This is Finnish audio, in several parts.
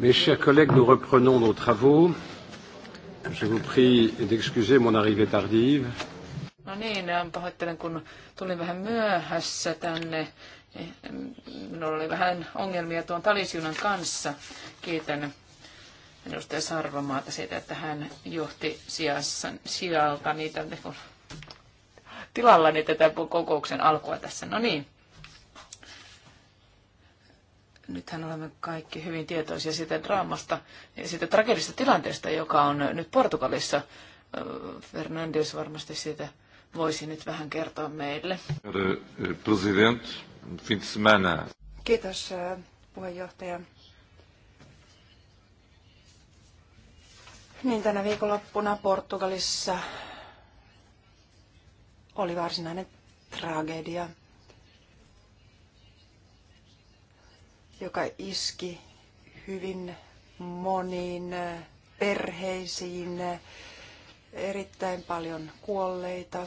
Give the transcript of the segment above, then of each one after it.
Mes chers collègues, nous reprenons nos travaux. Je vous prie d'excuser mon arrivée tardive. No niin, pahoittelen kun tulin vähän myöhässä tänne. Minulla oli vähän ongelmia tuon talisjunan kanssa. Kiitän edustaja Sarvamaata siitä, että hän johti sijassa, sijalta niitä tilallani tätä kokouksen alkua tässä. No niin, nythän olemme kaikki hyvin tietoisia siitä draamasta ja siitä tragedista tilanteesta, joka on nyt Portugalissa. Fernandes varmasti siitä voisi nyt vähän kertoa meille. Eh, Kiitos eh, puheenjohtaja. Niin tänä viikonloppuna Portugalissa oli varsinainen tragedia. joka iski hyvin moniin äh, perheisiin, äh, erittäin paljon kuolleita,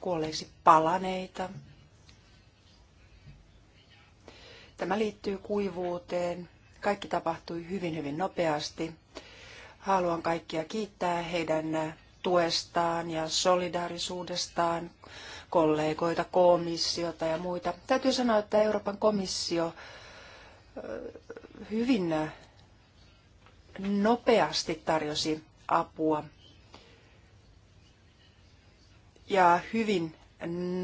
kuolleisi palaneita. Tämä liittyy kuivuuteen. Kaikki tapahtui hyvin, hyvin nopeasti. Haluan kaikkia kiittää heidän tuestaan ja solidaarisuudestaan kollegoita, komissiota ja muita. Täytyy sanoa, että Euroopan komissio hyvin nopeasti tarjosi apua ja hyvin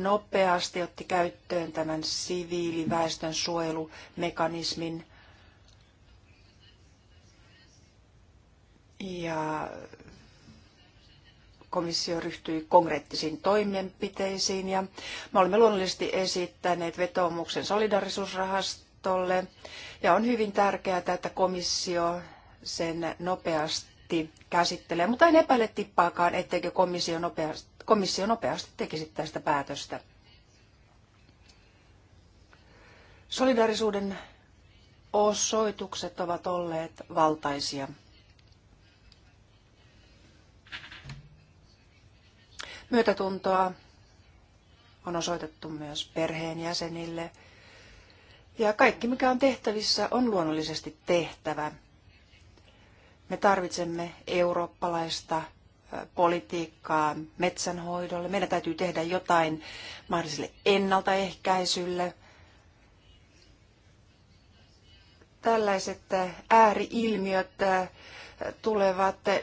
nopeasti otti käyttöön tämän siviiliväestön suojelumekanismin. Ja komissio ryhtyi konkreettisiin toimenpiteisiin ja me olemme luonnollisesti esittäneet vetoomuksen solidarisuusrahastolle ja on hyvin tärkeää, että komissio sen nopeasti käsittelee, mutta en epäile tippaakaan, etteikö komissio nopeasti, komissio nopeasti tekisi tästä päätöstä. Solidarisuuden osoitukset ovat olleet valtaisia. Myötätuntoa on osoitettu myös perheenjäsenille. Ja kaikki, mikä on tehtävissä, on luonnollisesti tehtävä. Me tarvitsemme eurooppalaista politiikkaa metsänhoidolle. Meidän täytyy tehdä jotain mahdolliselle ennaltaehkäisylle. Tällaiset ääriilmiöt tulevat, eh,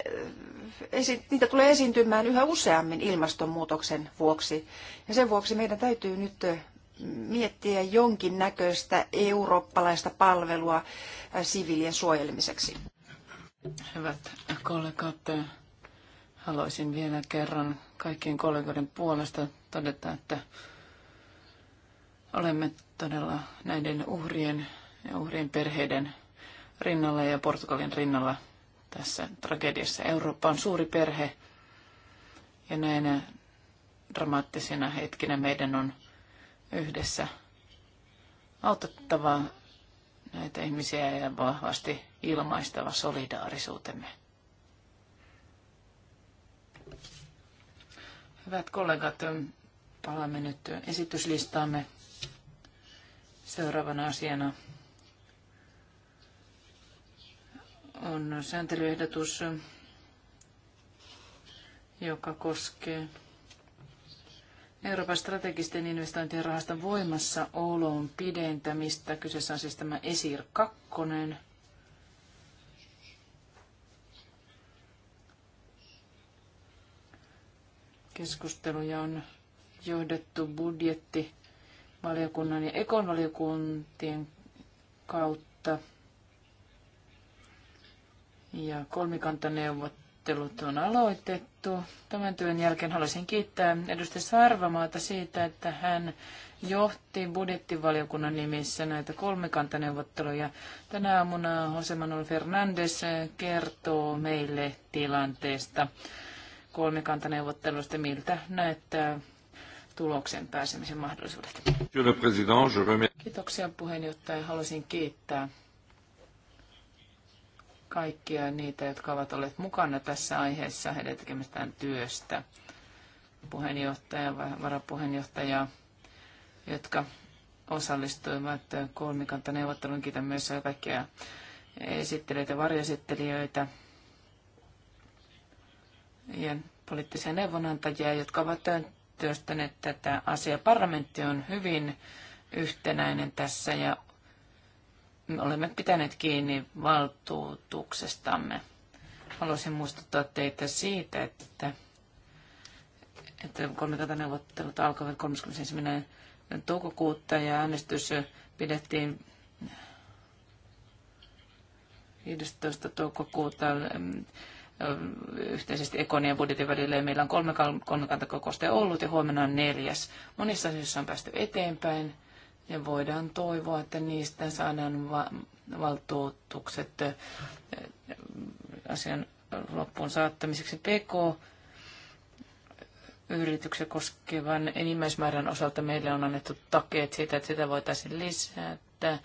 niitä tulee esiintymään yhä useammin ilmastonmuutoksen vuoksi. Ja sen vuoksi meidän täytyy nyt eh, miettiä jonkin näköistä eurooppalaista palvelua eh, siviilien suojelemiseksi. Hyvät kollegat, haluaisin vielä kerran kaikkien kollegoiden puolesta todeta, että olemme todella näiden uhrien ja uhrien perheiden rinnalla ja Portugalin rinnalla – tässä tragediassa. Eurooppa on suuri perhe ja näinä dramaattisina hetkinä meidän on yhdessä autettava näitä ihmisiä ja vahvasti ilmaistava solidaarisuutemme. Hyvät kollegat, palaamme nyt esityslistaamme seuraavana asiana on sääntelyehdotus, joka koskee Euroopan strategisten investointien rahaston voimassaolon pidentämistä. Kyseessä on siis tämä ESIR 2. Keskusteluja on johdettu budjetti valiokunnan ja ekon valiokuntien kautta ja kolmikantaneuvottelut on aloitettu. Tämän työn jälkeen haluaisin kiittää edustaja Sarvamaata siitä, että hän johti budjettivaliokunnan nimissä näitä kolmikantaneuvotteluja. Tänä aamuna Jose Manuel Fernandes kertoo meille tilanteesta kolmikantaneuvottelusta, miltä näyttää tuloksen pääsemisen mahdollisuudet. Kiitoksia puheenjohtaja. Haluaisin kiittää kaikkia niitä, jotka ovat olleet mukana tässä aiheessa heidän tekemästään työstä. Puheenjohtaja, varapuheenjohtaja, jotka osallistuivat kolmikantaneuvotteluun. Kiitän myös kaikkia esittelijöitä, varjoesittelijöitä ja poliittisia neuvonantajia, jotka ovat työstäneet tätä asiaa. Parlamentti on hyvin yhtenäinen tässä ja me olemme pitäneet kiinni valtuutuksestamme. Haluaisin muistuttaa teitä siitä, että, että kolmikantaneuvottelut alkoivat 31. toukokuuta ja äänestys pidettiin 15. toukokuuta mm, yhteisesti ekonien budjetin välillä. Meillä on kolme kolmikantakokousta ollut ja huomenna on neljäs. Monissa asioissa on päästy eteenpäin ja voidaan toivoa, että niistä saadaan va- valtuutukset asian loppuun saattamiseksi. PK yrityksen koskevan enimmäismäärän osalta meille on annettu takeet siitä, että sitä voitaisiin lisätä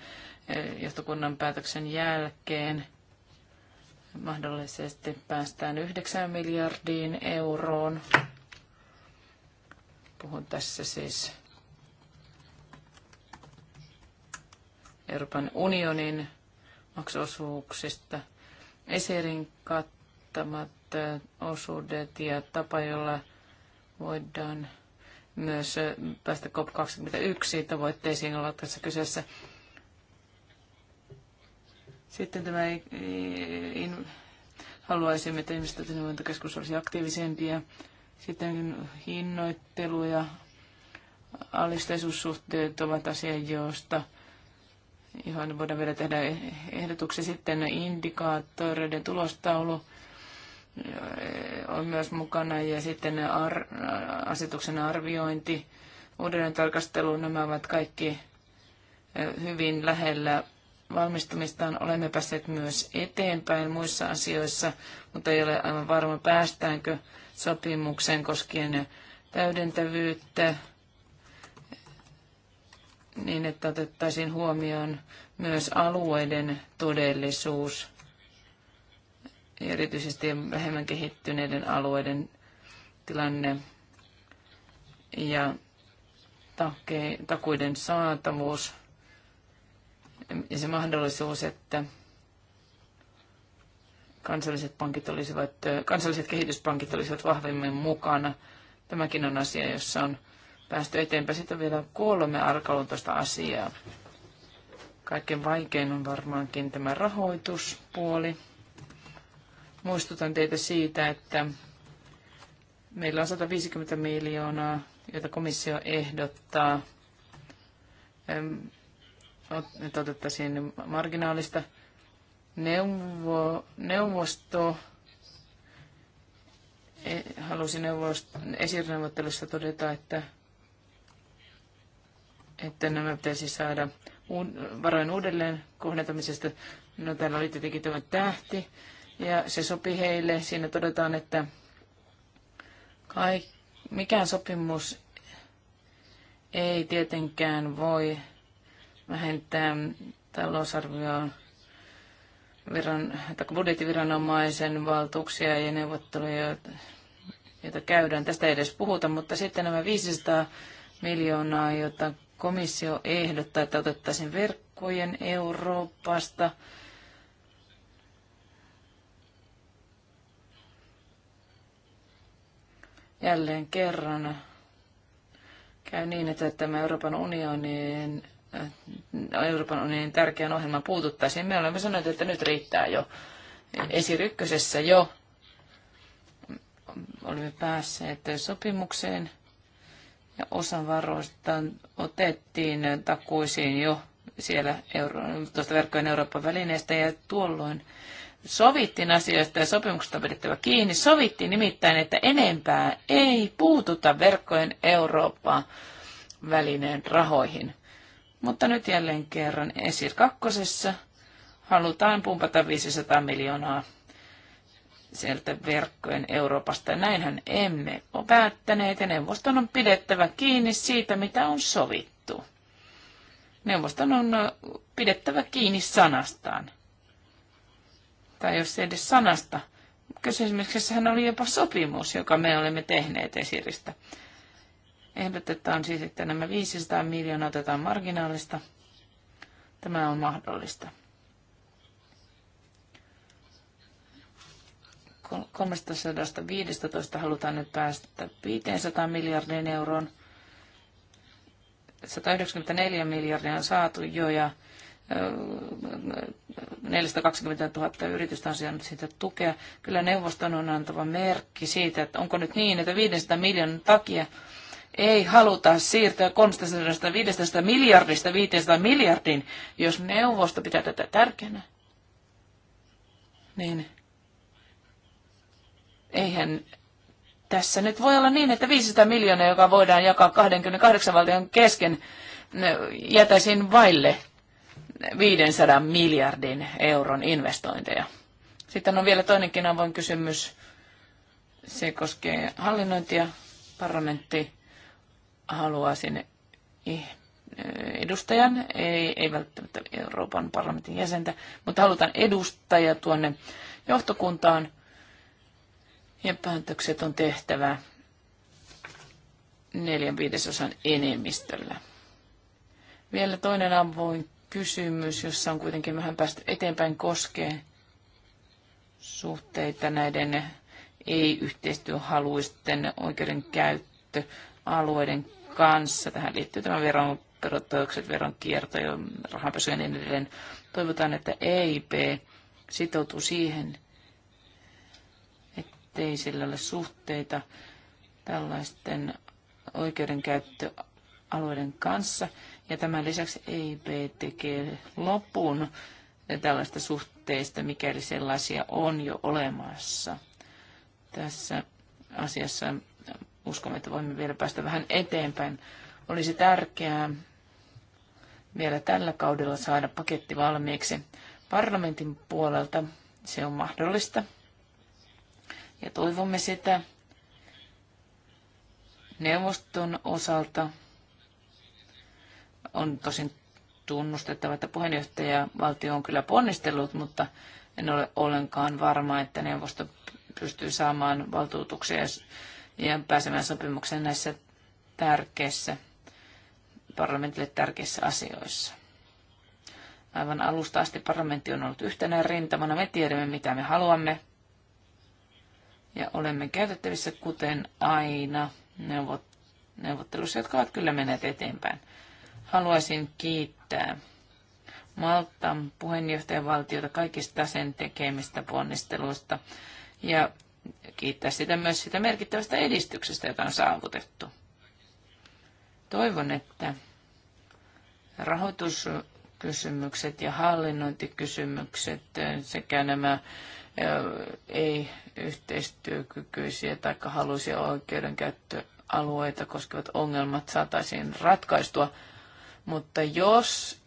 johtokunnan päätöksen jälkeen. Mahdollisesti päästään 9 miljardiin euroon. Puhun tässä siis Euroopan unionin maksuosuuksista. Eserin kattamat osuudet ja tapa, jolla voidaan myös päästä COP21 tavoitteisiin olla tässä kyseessä. Sitten tämä in, haluaisimme, että investointineuvontakeskus olisi aktiivisempia. Sitten hinnoittelu ja alisteisuussuhteet ovat asia, josta johon voidaan vielä tehdä ehdotuksia sitten indikaattoreiden tulostaulu eh, on myös mukana ja sitten ar- äh, asetuksen arviointi, uudelleen tarkastelu, nämä ovat kaikki eh, hyvin lähellä valmistumistaan. Olemme päässeet myös eteenpäin muissa asioissa, mutta ei ole aivan varma päästäänkö sopimukseen koskien täydentävyyttä niin, että otettaisiin huomioon myös alueiden todellisuus, erityisesti vähemmän kehittyneiden alueiden tilanne ja takuiden saatavuus ja se mahdollisuus, että kansalliset, pankit olisivat, kansalliset kehityspankit olisivat vahvemmin mukana. Tämäkin on asia, jossa on päästy eteenpäin. Sitten on vielä kolme arkaluontoista asiaa. Kaikkein vaikein on varmaankin tämä rahoituspuoli. Muistutan teitä siitä, että meillä on 150 miljoonaa, jota komissio ehdottaa, että otettaisiin marginaalista neuvo, neuvosto e, halusi neuvost, esineuvottelussa todeta, että että nämä pitäisi saada varojen uudelleen kohdentamisesta. No täällä oli tietenkin tämä tähti ja se sopi heille. Siinä todetaan, että kaikki, mikään sopimus ei tietenkään voi vähentää talousarvioon viran, tai budjettiviranomaisen valtuuksia ja neuvotteluja, joita käydään. Tästä ei edes puhuta, mutta sitten nämä 500 miljoonaa, jota Komissio ehdottaa, että otettaisiin verkkojen Euroopasta jälleen kerran käy niin, että tämä Euroopan unionin, äh, Euroopan unionin tärkeän ohjelman puututtaisiin. Me olemme sanoneet, että nyt riittää jo. Esirykkösessä jo olimme päässeet sopimukseen ja osa varoista otettiin takuisiin jo siellä euro, tuosta verkkojen Euroopan välineestä ja tuolloin sovittiin asioista ja sopimuksesta vedettävä kiinni. Sovittiin nimittäin, että enempää ei puututa verkkojen Eurooppaan välineen rahoihin. Mutta nyt jälleen kerran Esir kakkosessa halutaan pumpata 500 miljoonaa sieltä verkkojen Euroopasta. Näinhän emme ole päättäneet ja neuvoston on pidettävä kiinni siitä, mitä on sovittu. Neuvoston on pidettävä kiinni sanastaan. Tai jos ei edes sanasta. Kysymyksessähän oli jopa sopimus, joka me olemme tehneet esiristä. Ehdotetaan siis, että nämä 500 miljoonaa otetaan marginaalista. Tämä on mahdollista. 315 halutaan nyt päästä 500 miljardin euroon. 194 miljardia on saatu jo ja 420 000 yritystä on saanut siitä tukea. Kyllä neuvoston on antava merkki siitä, että onko nyt niin, että 500 miljoonan takia ei haluta siirtyä 315 miljardista 500 miljardin, jos neuvosto pitää tätä tärkeänä. Niin Eihän tässä nyt voi olla niin, että 500 miljoonaa, joka voidaan jakaa 28 valtion kesken, jätäisin vaille 500 miljardin euron investointeja. Sitten on vielä toinenkin avoin kysymys. Se koskee hallinnointia. Parlamentti haluaa sinne edustajan, ei, ei välttämättä Euroopan parlamentin jäsentä, mutta halutaan edustaja tuonne johtokuntaan. Ja päätökset on tehtävä neljän viidesosan enemmistöllä. Vielä toinen avoin kysymys, jossa on kuitenkin vähän päästy eteenpäin, koskee suhteita näiden ei-yhteistyöhaluisten oikeudenkäyttöalueiden kanssa. Tähän liittyy tämä veron verotukset, veronkierto ja rahanpesu ja niin edelleen. Toivotaan, että EIP sitoutuu siihen, yhteisillä ole suhteita tällaisten oikeudenkäyttöalueiden kanssa. Ja tämän lisäksi EIP tekee lopun tällaista suhteista, mikäli sellaisia on jo olemassa. Tässä asiassa uskomme, että voimme vielä päästä vähän eteenpäin. Olisi tärkeää vielä tällä kaudella saada paketti valmiiksi parlamentin puolelta. Se on mahdollista ja toivomme sitä neuvoston osalta. On tosin tunnustettava, että puheenjohtaja valtio on kyllä ponnistellut, mutta en ole ollenkaan varma, että neuvosto pystyy saamaan valtuutuksia ja pääsemään sopimukseen näissä tärkeissä, parlamentille tärkeissä asioissa. Aivan alusta asti parlamentti on ollut yhtenä rintamana. Me tiedämme, mitä me haluamme ja olemme käytettävissä kuten aina neuvottelussa, jotka ovat kyllä menneet eteenpäin. Haluaisin kiittää Maltan puheenjohtajavaltiota kaikista sen tekemistä ponnisteluista ja kiittää sitä myös sitä merkittävästä edistyksestä, jota on saavutettu. Toivon, että rahoituskysymykset ja hallinnointikysymykset sekä nämä ei yhteistyökykyisiä tai haluisia oikeudenkäyttöalueita koskevat ongelmat saataisiin ratkaistua. Mutta jos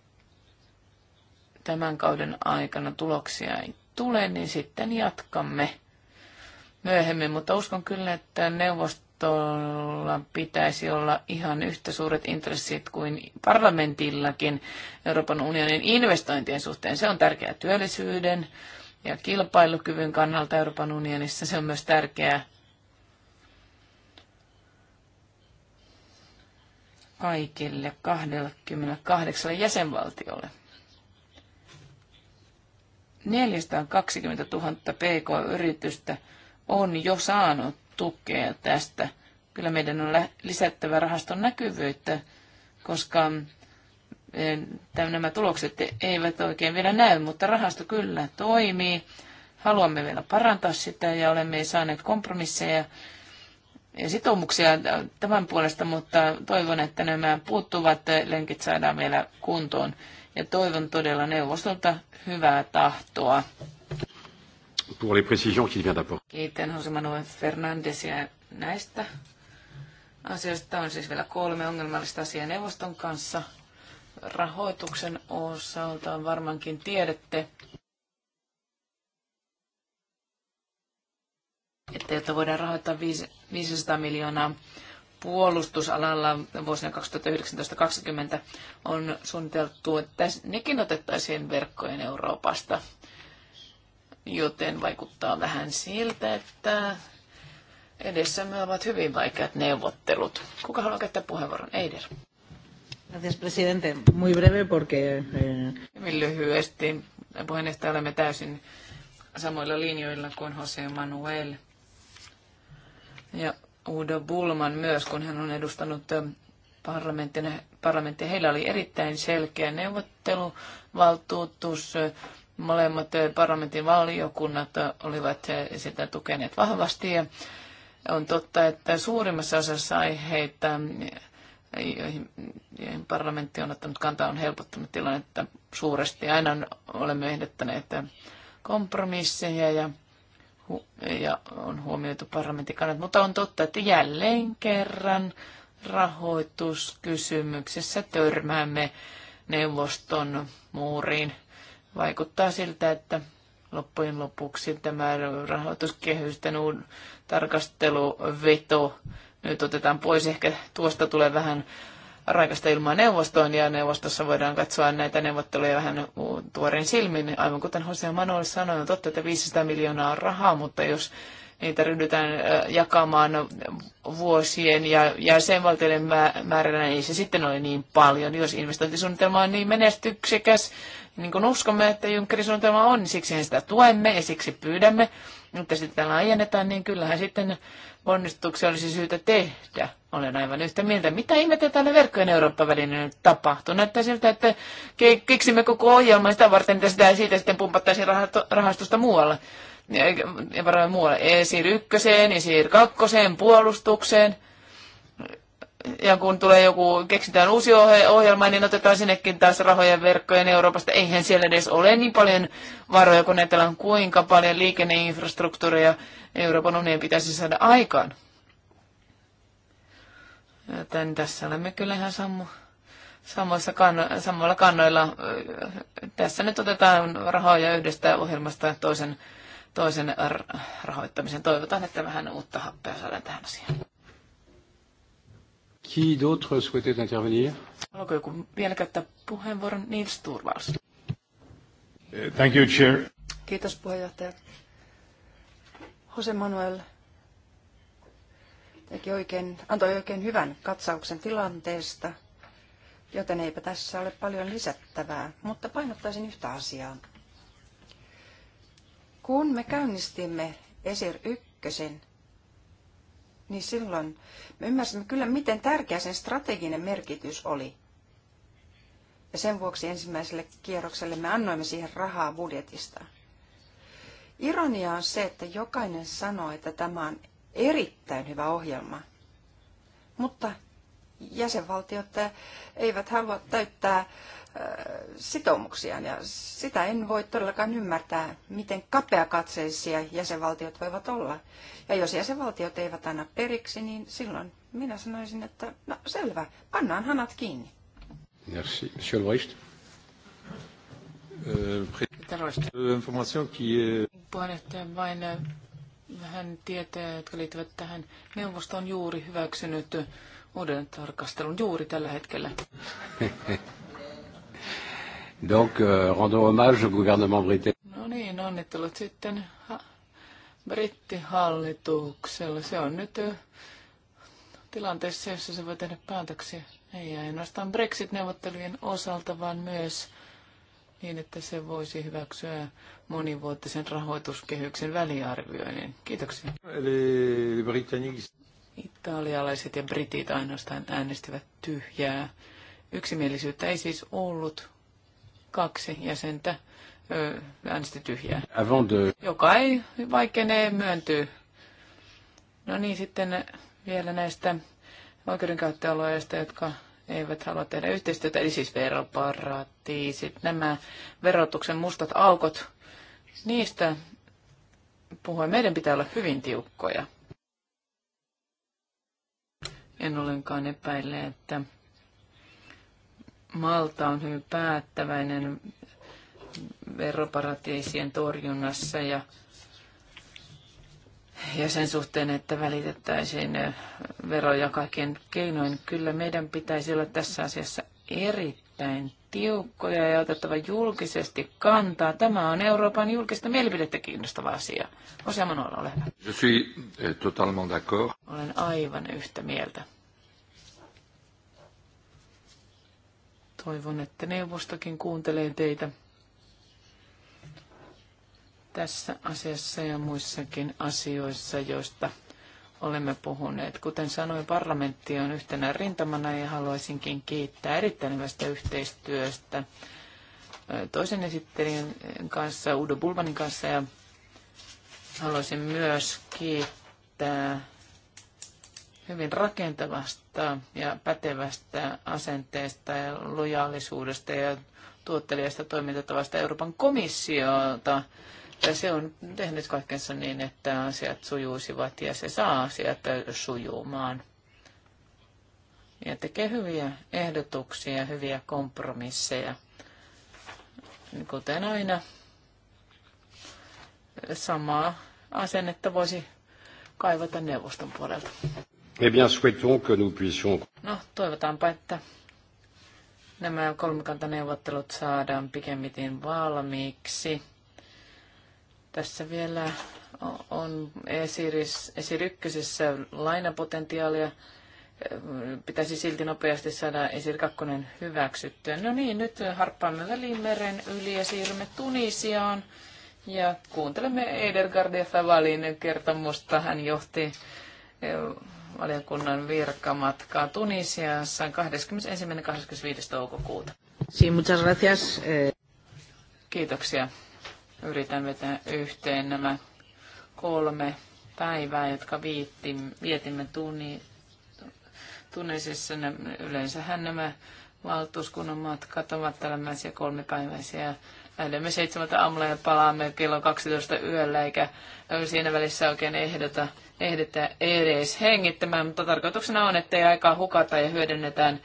tämän kauden aikana tuloksia ei tule, niin sitten jatkamme myöhemmin. Mutta uskon kyllä, että neuvostolla pitäisi olla ihan yhtä suuret intressit kuin parlamentillakin Euroopan unionin investointien suhteen. Se on tärkeää työllisyyden, ja kilpailukyvyn kannalta Euroopan unionissa. Se on myös tärkeää kaikille 28 jäsenvaltiolle. 420 000 pk-yritystä on jo saanut tukea tästä. Kyllä meidän on lisättävä rahaston näkyvyyttä, koska nämä tulokset eivät oikein vielä näy, mutta rahasto kyllä toimii. Haluamme vielä parantaa sitä ja olemme saaneet kompromisseja ja sitoumuksia tämän puolesta, mutta toivon, että nämä puuttuvat lenkit saadaan vielä kuntoon. Ja toivon todella neuvostolta hyvää tahtoa. Pour les précisions vient Kiitän Jose Manuel Fernandesia näistä asioista. On siis vielä kolme ongelmallista asiaa neuvoston kanssa rahoituksen osalta varmaankin tiedätte, että jotta voidaan rahoittaa 500 miljoonaa puolustusalalla vuosina 2019-2020 on suunniteltu, että nekin otettaisiin verkkojen Euroopasta, joten vaikuttaa vähän siltä, että edessämme ovat hyvin vaikeat neuvottelut. Kuka haluaa käyttää puheenvuoron? Eider. Gracias, presidente. Muy breve porque... Eh, Hyvin lyhyesti. Puheenjohtaja olemme täysin samoilla linjoilla kuin Jose Manuel. Ja Udo Bulman myös, kun hän on edustanut eh, parlamenttia. Parlamentti, heillä oli erittäin selkeä neuvotteluvaltuutus. Molemmat eh, parlamentin valiokunnat olivat sitä tukeneet vahvasti. Ja on totta, että suurimmassa osassa aiheita joihin parlamentti on ottanut kantaa, on helpottanut tilannetta suuresti. Aina olemme ehdottaneet kompromisseja ja, ja on huomioitu parlamentin kannat. Mutta on totta, että jälleen kerran rahoituskysymyksessä törmäämme neuvoston muuriin. Vaikuttaa siltä, että loppujen lopuksi tämä rahoituskehysten tarkasteluveto nyt otetaan pois. Ehkä tuosta tulee vähän raikasta ilmaa neuvostoon ja neuvostossa voidaan katsoa näitä neuvotteluja vähän tuoreen silmin. Aivan kuten Jose Manuel sanoi, on totta, että 500 miljoonaa on rahaa, mutta jos niitä ryhdytään jakamaan vuosien ja jäsenvaltioiden määränä, niin se sitten ole niin paljon. Jos investointisuunnitelma on niin menestyksekäs, niin kuin uskomme, että Junckerin suunnitelma on, niin siksi sitä tuemme ja siksi pyydämme. Mutta sitten laajennetaan, niin kyllähän sitten onnistuksia olisi syytä tehdä. Olen aivan yhtä mieltä. Mitä ihmettä täällä verkkojen eurooppa välinen nyt tapahtuu? Näyttää siltä, että keksimme koko ohjelman sitä varten, että sitä siitä sitten pumpattaisiin rahastusta muualla. Ja, ja varmaan muualle. Esiir ykköseen, esiir kakkoseen, puolustukseen – ja kun tulee joku, keksitään uusi ohjelma, niin otetaan sinnekin taas rahojen verkkojen Euroopasta. Eihän siellä edes ole niin paljon varoja, kun ajatellaan kuinka paljon liikenneinfrastruktuuria Euroopan unionin pitäisi saada aikaan. Joten tässä olemme kyllä ihan sammu, samoissa kanno, samoilla kannoilla. Tässä nyt otetaan rahoja yhdestä ohjelmasta toisen, toisen rahoittamisen. Toivotaan, että vähän uutta happea saadaan tähän asiaan. Qui d'autre souhaitait intervenir? Haluaako joku vielä käyttää puheenvuoron? Nils Turvals. Thank you, Chair. Kiitos puheenjohtaja. Jose Manuel teki oikein, antoi oikein hyvän katsauksen tilanteesta, joten eipä tässä ole paljon lisättävää, mutta painottaisin yhtä asiaa. Kun me käynnistimme ESIR 1, niin silloin me ymmärsimme kyllä, miten tärkeä sen strateginen merkitys oli. Ja sen vuoksi ensimmäiselle kierrokselle me annoimme siihen rahaa budjetista. Ironia on se, että jokainen sanoo, että tämä on erittäin hyvä ohjelma, mutta jäsenvaltiot eh, eivät halua täyttää sitoumuksiaan ja sitä en voi todellakaan ymmärtää, miten kapeakatseisia jäsenvaltiot voivat olla. Ja jos jäsenvaltiot eivät anna periksi, niin silloin minä sanoisin, että no selvä, pannaan hanat kiinni. Merci. Monsieur Loist. Euh, euh, Puheenjohtaja vain äh, vähän tietää, jotka liittyvät tähän. Neuvosto on juuri hyväksynyt uuden tarkastelun juuri tällä hetkellä. Donc, euh, rendons hommage au gouvernement britannique. No niin, onnittelut sitten ha- brittihallitukselle. Se on nyt tilanteessa, jossa se voi tehdä päätöksiä. Ei ainoastaan Brexit-neuvottelujen osalta, vaan myös niin, että se voisi hyväksyä monivuotisen rahoituskehyksen väliarvioinnin. Kiitoksia. Eli Italialaiset ja britit ainoastaan äänestivät tyhjää. Yksimielisyyttä ei siis ollut, Kaksi jäsentä äänesti tyhjää. Joka ei vaikenee, myöntyy. No niin, sitten vielä näistä oikeudenkäyttöalueista, jotka eivät halua tehdä yhteistyötä, eli siis veroparatiisit, nämä verotuksen mustat aukot, niistä puhuen meidän pitää olla hyvin tiukkoja. En ollenkaan epäile, että Malta on hyvin päättäväinen veroparatiisien torjunnassa ja, ja sen suhteen, että välitettäisiin veroja kaiken keinoin. Kyllä meidän pitäisi olla tässä asiassa erittäin tiukkoja ja otettava julkisesti kantaa. Tämä on Euroopan julkista mielipidettä kiinnostava asia. Osa olla ole hyvä. Olen aivan yhtä mieltä. Toivon, että neuvostokin kuuntelee teitä tässä asiassa ja muissakin asioissa, joista olemme puhuneet. Kuten sanoin, parlamentti on yhtenä rintamana ja haluaisinkin kiittää erittäin hyvästä yhteistyöstä toisen esittelijän kanssa, Udo Bulmanin kanssa ja haluaisin myös kiittää hyvin rakentavasta ja pätevästä asenteesta ja lojaalisuudesta ja tuottelijasta toimintatavasta Euroopan komissiota. Ja se on tehnyt kaikkensa niin, että asiat sujuisivat ja se saa asiat sujumaan. Ja tekee hyviä ehdotuksia, hyviä kompromisseja. Kuten aina, samaa asennetta voisi kaivata neuvoston puolelta. Eh bien, souhaitons que nous puissions... No, toivotaanpa, että nämä kolmikantaneuvottelut saadaan pikemmin valmiiksi. Tässä vielä on esirykkösessä lainapotentiaalia. Pitäisi silti nopeasti saada esir kakkonen hyväksyttyä. No niin, nyt harppaamme Välimeren yli ja siirrymme Tunisiaan. Ja kuuntelemme Edergardia Favalin kertomusta. Hän johti eh, valiokunnan virkamatkaa Tunisiassa 21.–25. toukokuuta. Sí, muchas gracias. Eh, Kiitoksia. Yritän vetää yhteen nämä kolme päivää, jotka viittim, vietimme tuni, Tunisissa. Yleensähän nämä valtuuskunnan matkat ovat tällaisia kolmipäiväisiä. Lähdemme seitsemältä aamulla ja palaamme kello 12 yöllä, eikä siinä välissä oikein ehdota ehditä edes hengittämään, mutta tarkoituksena on, ei aikaa hukata ja hyödynnetään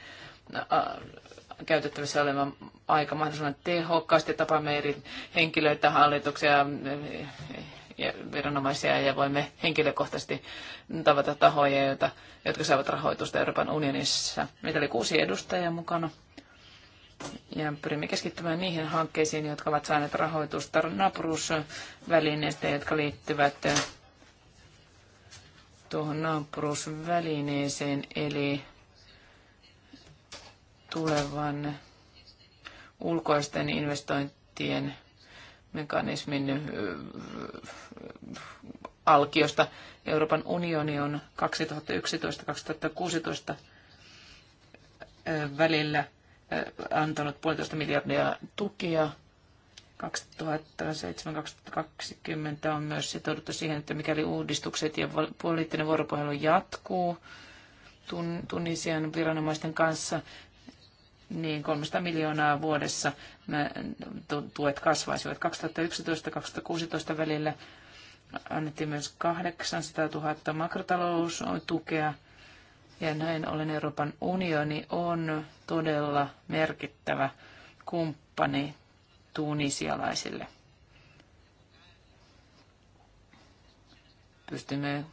käytettävissä olevan aika mahdollisimman tehokkaasti. Tapaamme eri henkilöitä, hallituksia, ja viranomaisia ja voimme henkilökohtaisesti tavata tahoja, joita, jotka saavat rahoitusta Euroopan unionissa. Meitä oli kuusi edustajaa mukana ja pyrimme keskittymään niihin hankkeisiin, jotka ovat saaneet rahoitusta naapurusvälineistä, jotka liittyvät tuohon naapuruusvälineeseen, eli tulevan ulkoisten investointien mekanismin alkiosta. Euroopan unioni on 2011-2016 välillä antanut puolitoista miljardia tukia 2007-2020 on myös sitouduttu siihen, että mikäli uudistukset ja poliittinen vuoropuhelu jatkuu Tunisian viranomaisten kanssa, niin 300 miljoonaa vuodessa tuet kasvaisivat. 2011-2016 välillä annettiin myös 800 000 makrotaloustukea. Ja näin ollen Euroopan unioni on todella merkittävä kumppani tunisialaisille. Pystymme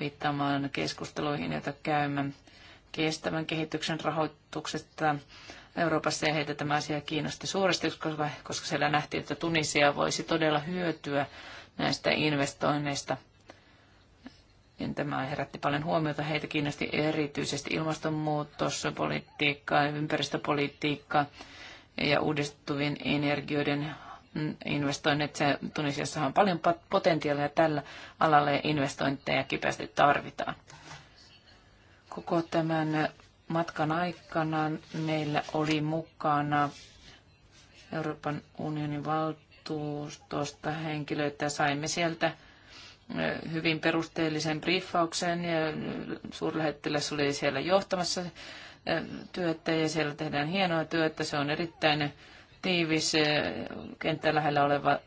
viittaamaan keskusteluihin, joita käymme kestävän kehityksen rahoituksesta Euroopassa ja heitä tämä asia kiinnosti suuresti, koska, siellä nähtiin, että Tunisia voisi todella hyötyä näistä investoinneista. Ja tämä herätti paljon huomiota. Heitä kiinnosti erityisesti ilmastonmuutos, politiikka, ympäristöpolitiikka ja uudistuvien energioiden investoinnit. Se, Tunisiassa on paljon potentiaalia tällä alalla ja investointeja kipeästi tarvitaan. Koko tämän matkan aikana meillä oli mukana Euroopan unionin valtuustosta henkilöitä ja saimme sieltä hyvin perusteellisen briefauksen ja suurlähettiläs oli siellä johtamassa työtä ja siellä tehdään hienoa työtä. Se on erittäin tiivis eh, kenttä lähellä oleva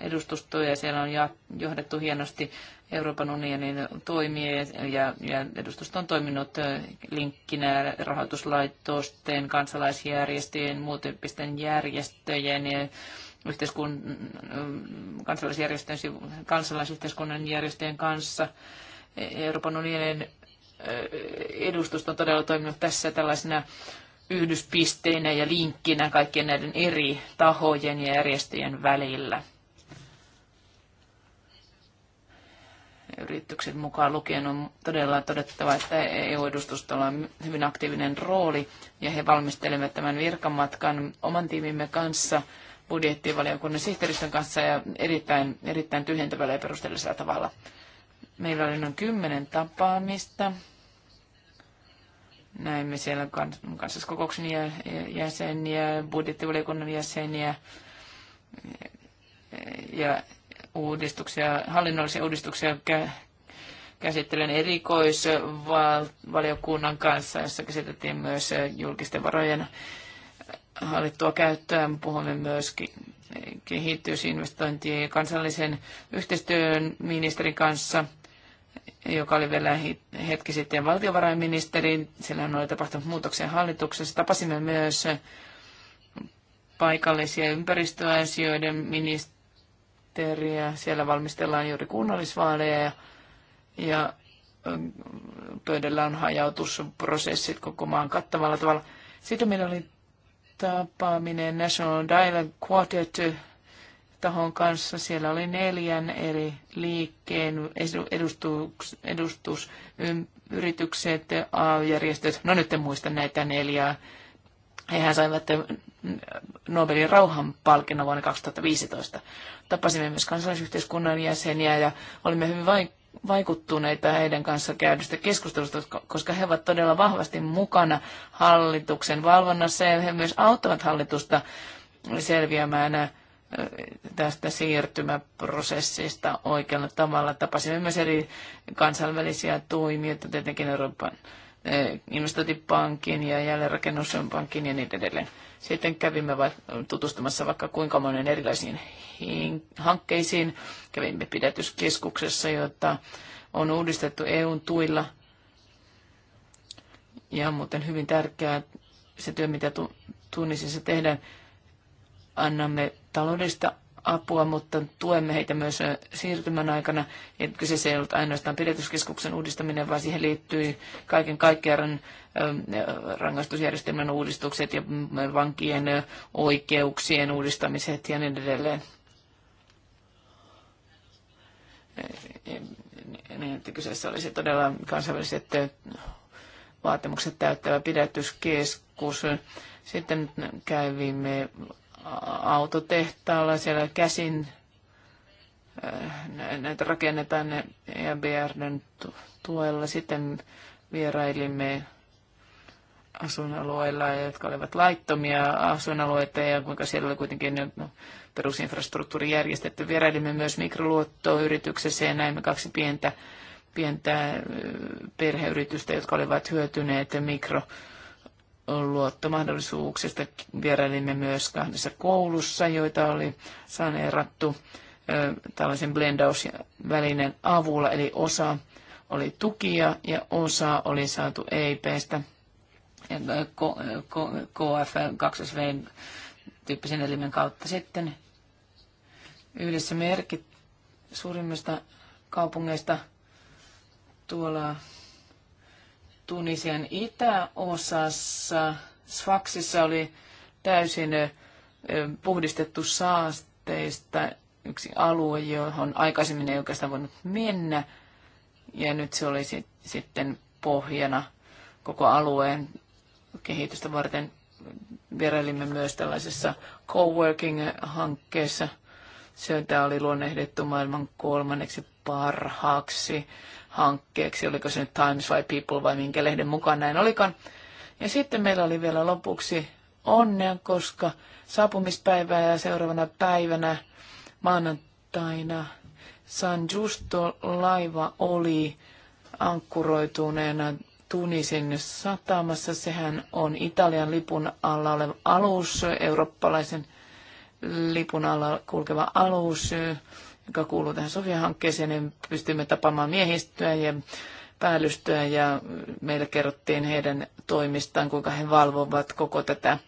edustusto ja siellä on johdettu hienosti Euroopan unionin toimia ja, ja edustusto on toiminut eh, linkkinä rahoituslaitosten, kansalaisjärjestöjen, muutyyppisten järjestöjen ja yhteiskun, mm, kansalaisjärjestöjen, kansalaisyhteiskunnan järjestöjen kanssa. E-, Euroopan unionin edustus on todella toiminut tässä tällaisena yhdyspisteinä ja linkkinä kaikkien näiden eri tahojen ja järjestöjen välillä. Yrityksen mukaan lukien on todella todettava, että EU-edustustolla on hyvin aktiivinen rooli ja he valmistelevat tämän virkamatkan oman tiimimme kanssa budjettivaliokunnan sihteeristön kanssa ja erittäin, erittäin tyhjentävällä ja perusteellisella tavalla. Meillä oli noin kymmenen tapaamista. Näimme siellä kansalliskokouksen jäseniä, budjettivaliokunnan jäseniä ja uudistuksia, hallinnollisia uudistuksia käsittelen erikoisvaliokunnan kanssa, jossa käsiteltiin myös julkisten varojen hallittua käyttöä. Puhumme myöskin kehitysinvestointien ja kansallisen yhteistyön ministerin kanssa – joka oli vielä hetki sitten valtiovarainministeri. Sillähän oli tapahtunut muutoksia hallituksessa. Tapasimme myös paikallisia ympäristöasioiden ministeriä. Siellä valmistellaan juuri kunnallisvaaleja ja, ja pöydällä on hajautusprosessit koko maan kattavalla tavalla. Sitten meillä oli tapaaminen National Dialogue Quartet tahon kanssa. Siellä oli neljän eri liikkeen edustus, edustus yritykset, AY-järjestöt. No nyt en muista näitä neljää. Hehän saivat Nobelin rauhanpalkinnon vuonna 2015. Tapasimme myös kansalaisyhteiskunnan jäseniä ja olimme hyvin vaikuttuneita heidän kanssa käydystä keskustelusta, koska he ovat todella vahvasti mukana hallituksen valvonnassa ja he myös auttavat hallitusta selviämään tästä siirtymäprosessista oikealla tavalla. Tapasimme myös eri kansainvälisiä toimijoita, tietenkin Euroopan eh, investointipankin ja jälleenrakennuspankin ja niin edelleen. Sitten kävimme va- tutustumassa vaikka kuinka monen erilaisiin hankkeisiin. Kävimme pidätyskeskuksessa, jota on uudistettu EUn tuilla. Ja muuten hyvin tärkeää se työ, mitä tu- Tunisissa tehdään annamme taloudellista apua, mutta tuemme heitä myös siirtymän aikana. Ja kyseessä ei ollut ainoastaan pidetyskeskuksen uudistaminen, vaan siihen liittyy kaiken kaikkiaan rangaistusjärjestelmän uudistukset ja vankien oikeuksien uudistamiset ja niin edelleen. Niin, että kyseessä olisi todella kansainväliset vaatimukset täyttävä pidätyskeskus. Sitten kävimme autotehtaalla, siellä käsin eh, näitä rakennetaan ne EBR:n tuella. Sitten vierailimme asuinalueilla, jotka olivat laittomia asuinalueita ja kuinka siellä oli kuitenkin no, perusinfrastruktuuri järjestetty. Vierailimme myös mikroluottoyrityksessä ja näimme kaksi pientä, pientä eh, perheyritystä, jotka olivat hyötyneet mikro luottomahdollisuuksista. Vierailimme myös kahdessa koulussa, joita oli saneerattu tällaisen blendausvälineen avulla, eli osa oli tukia ja osa oli saatu EIPstä KFL 2V tyyppisen elimen kautta sitten yhdessä merkit suurimmista kaupungeista tuolla Tunisian itäosassa Sfaksissa oli täysin puhdistettu saasteista yksi alue, johon aikaisemmin ei oikeastaan voinut mennä. Ja nyt se oli sit, sitten pohjana koko alueen kehitystä varten. Vierailimme myös tällaisessa coworking-hankkeessa. Sieltä oli luonnehdittu maailman kolmanneksi parhaaksi hankkeeksi, oliko se nyt Times vai People vai minkä lehden mukaan näin olikaan. Ja sitten meillä oli vielä lopuksi onnea, koska saapumispäivää ja seuraavana päivänä maanantaina San Justo laiva oli ankkuroituneena Tunisin satamassa. Sehän on Italian lipun alla oleva alus, eurooppalaisen lipun alla kulkeva alus joka kuuluu tähän Sofia-hankkeeseen, niin pystymme tapaamaan miehistöä ja päällystöä ja meille kerrottiin heidän toimistaan, kuinka he valvovat koko tätä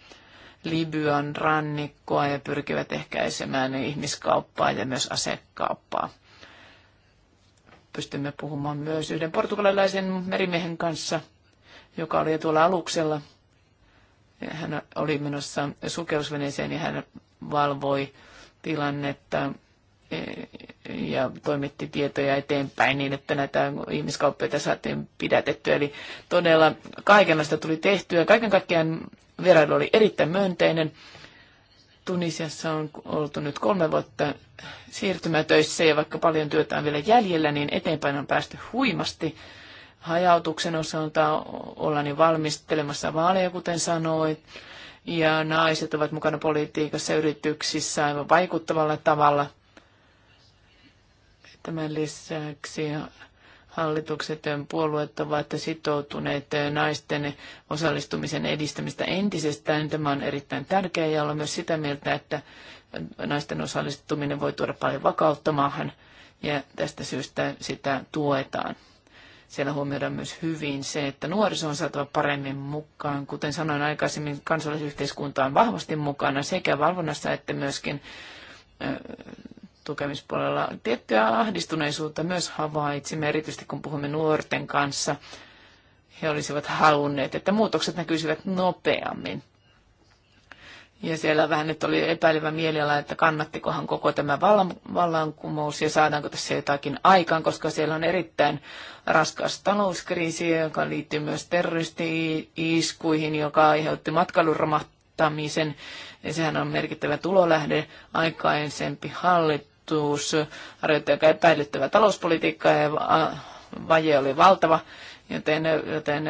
Libyan rannikkoa ja pyrkivät ehkäisemään ihmiskauppaa ja myös asekauppaa. Pystymme puhumaan myös yhden portugalilaisen merimiehen kanssa, joka oli tuolla aluksella. Hän oli menossa sukellusveneeseen ja hän valvoi tilannetta ja toimitti tietoja eteenpäin niin, että näitä ihmiskauppeita saatiin pidätettyä. Eli todella kaikenlaista tuli tehtyä. Kaiken kaikkiaan vierailu oli erittäin myönteinen. Tunisiassa on oltu nyt kolme vuotta siirtymätöissä ja vaikka paljon työtä on vielä jäljellä, niin eteenpäin on päästy huimasti. Hajautuksen osalta ollaan jo valmistelemassa vaaleja, kuten sanoit. Ja naiset ovat mukana politiikassa yrityksissä aivan vaikuttavalla tavalla – Tämän lisäksi hallitukset ja puolueet ovat sitoutuneet naisten osallistumisen edistämistä entisestään. Tämä on erittäin tärkeä ja olen myös sitä mieltä, että naisten osallistuminen voi tuoda paljon vakautta maahan ja tästä syystä sitä tuetaan. Siellä huomioidaan myös hyvin se, että nuoriso on saatava paremmin mukaan. Kuten sanoin aikaisemmin, kansalaisyhteiskunta on vahvasti mukana sekä valvonnassa että myöskin tukemispuolella tiettyä ahdistuneisuutta myös havaitsimme, erityisesti kun puhumme nuorten kanssa. He olisivat halunneet, että muutokset näkyisivät nopeammin. Ja siellä vähän nyt oli epäilevä mieliala, että kannattikohan koko tämä vallankumous ja saadaanko tässä jotakin aikaan, koska siellä on erittäin raskas talouskriisi, joka liittyy myös terroristi-iskuihin, joka aiheutti matkailuromahtamisen. Ja sehän on merkittävä tulolähde. Aikaisempi hallit, teollisuus harjoitti aika epäilyttävää talouspolitiikkaa ja vaje oli valtava, joten, joten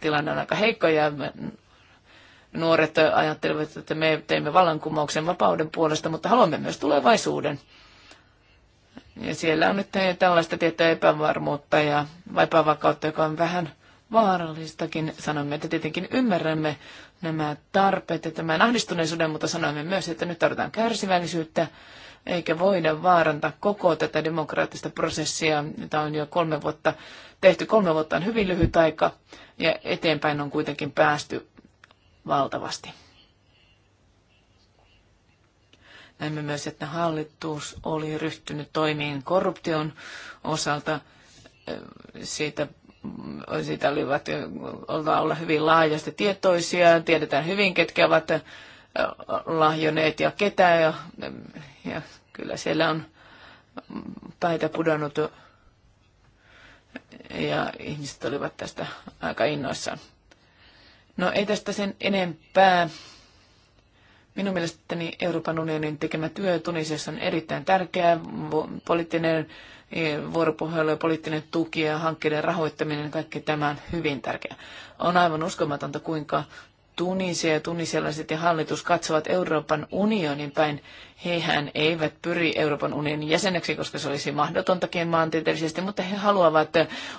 tilanne on aika heikko ja nuoret ajattelevat, että me teimme vallankumouksen vapauden puolesta, mutta haluamme myös tulevaisuuden. Ja siellä on nyt tällaista tiettyä epävarmuutta ja vaipavakautta, joka on vähän vaarallistakin. Sanomme, että tietenkin ymmärrämme nämä tarpeet ja tämän ahdistuneisuuden, mutta sanoimme myös, että nyt tarvitaan kärsivällisyyttä eikä voida vaarantaa koko tätä demokraattista prosessia, jota on jo kolme vuotta tehty. Kolme vuotta on hyvin lyhyt aika ja eteenpäin on kuitenkin päästy valtavasti. Näemme myös, että hallitus oli ryhtynyt toimiin korruption osalta. Siitä, siitä olivat olla, olla hyvin laajasti tietoisia. Tiedetään hyvin, ketkä ovat lahjoneet ja ketä ja ja kyllä siellä on päitä pudonnut ja ihmiset olivat tästä aika innoissaan. No ei tästä sen enempää. Minun mielestäni Euroopan unionin tekemä työ Tunisessa on erittäin tärkeää. Poliittinen eh, vuoropuhelu ja poliittinen tuki ja hankkeiden rahoittaminen, kaikki tämä on hyvin tärkeää. On aivan uskomatonta, kuinka Tunisia ja tunisialaiset ja hallitus katsovat Euroopan unionin päin. Hehän eivät pyri Euroopan unionin jäseneksi, koska se olisi mahdotontakin maantieteellisesti, mutta he haluavat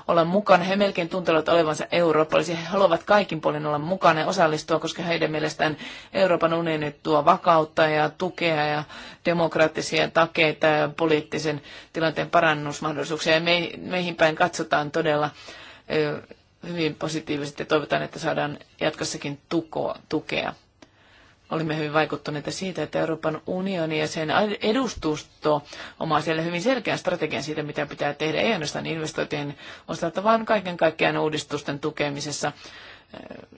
olla mukana. He melkein tuntevat olevansa eurooppalaisia. He haluavat kaikin puolin olla mukana ja osallistua, koska heidän mielestään Euroopan unioni tuo vakautta ja tukea ja demokraattisia takeita ja poliittisen tilanteen parannusmahdollisuuksia. Ja meihin päin katsotaan todella hyvin positiiviset ja toivotaan, että saadaan jatkossakin tukoa, tukea. Olimme hyvin vaikuttuneita siitä, että Euroopan unioni ja sen edustusto omaa siellä hyvin selkeän strategian siitä, mitä pitää tehdä, ei ainoastaan investointien osalta, vaan kaiken kaikkiaan uudistusten tukemisessa,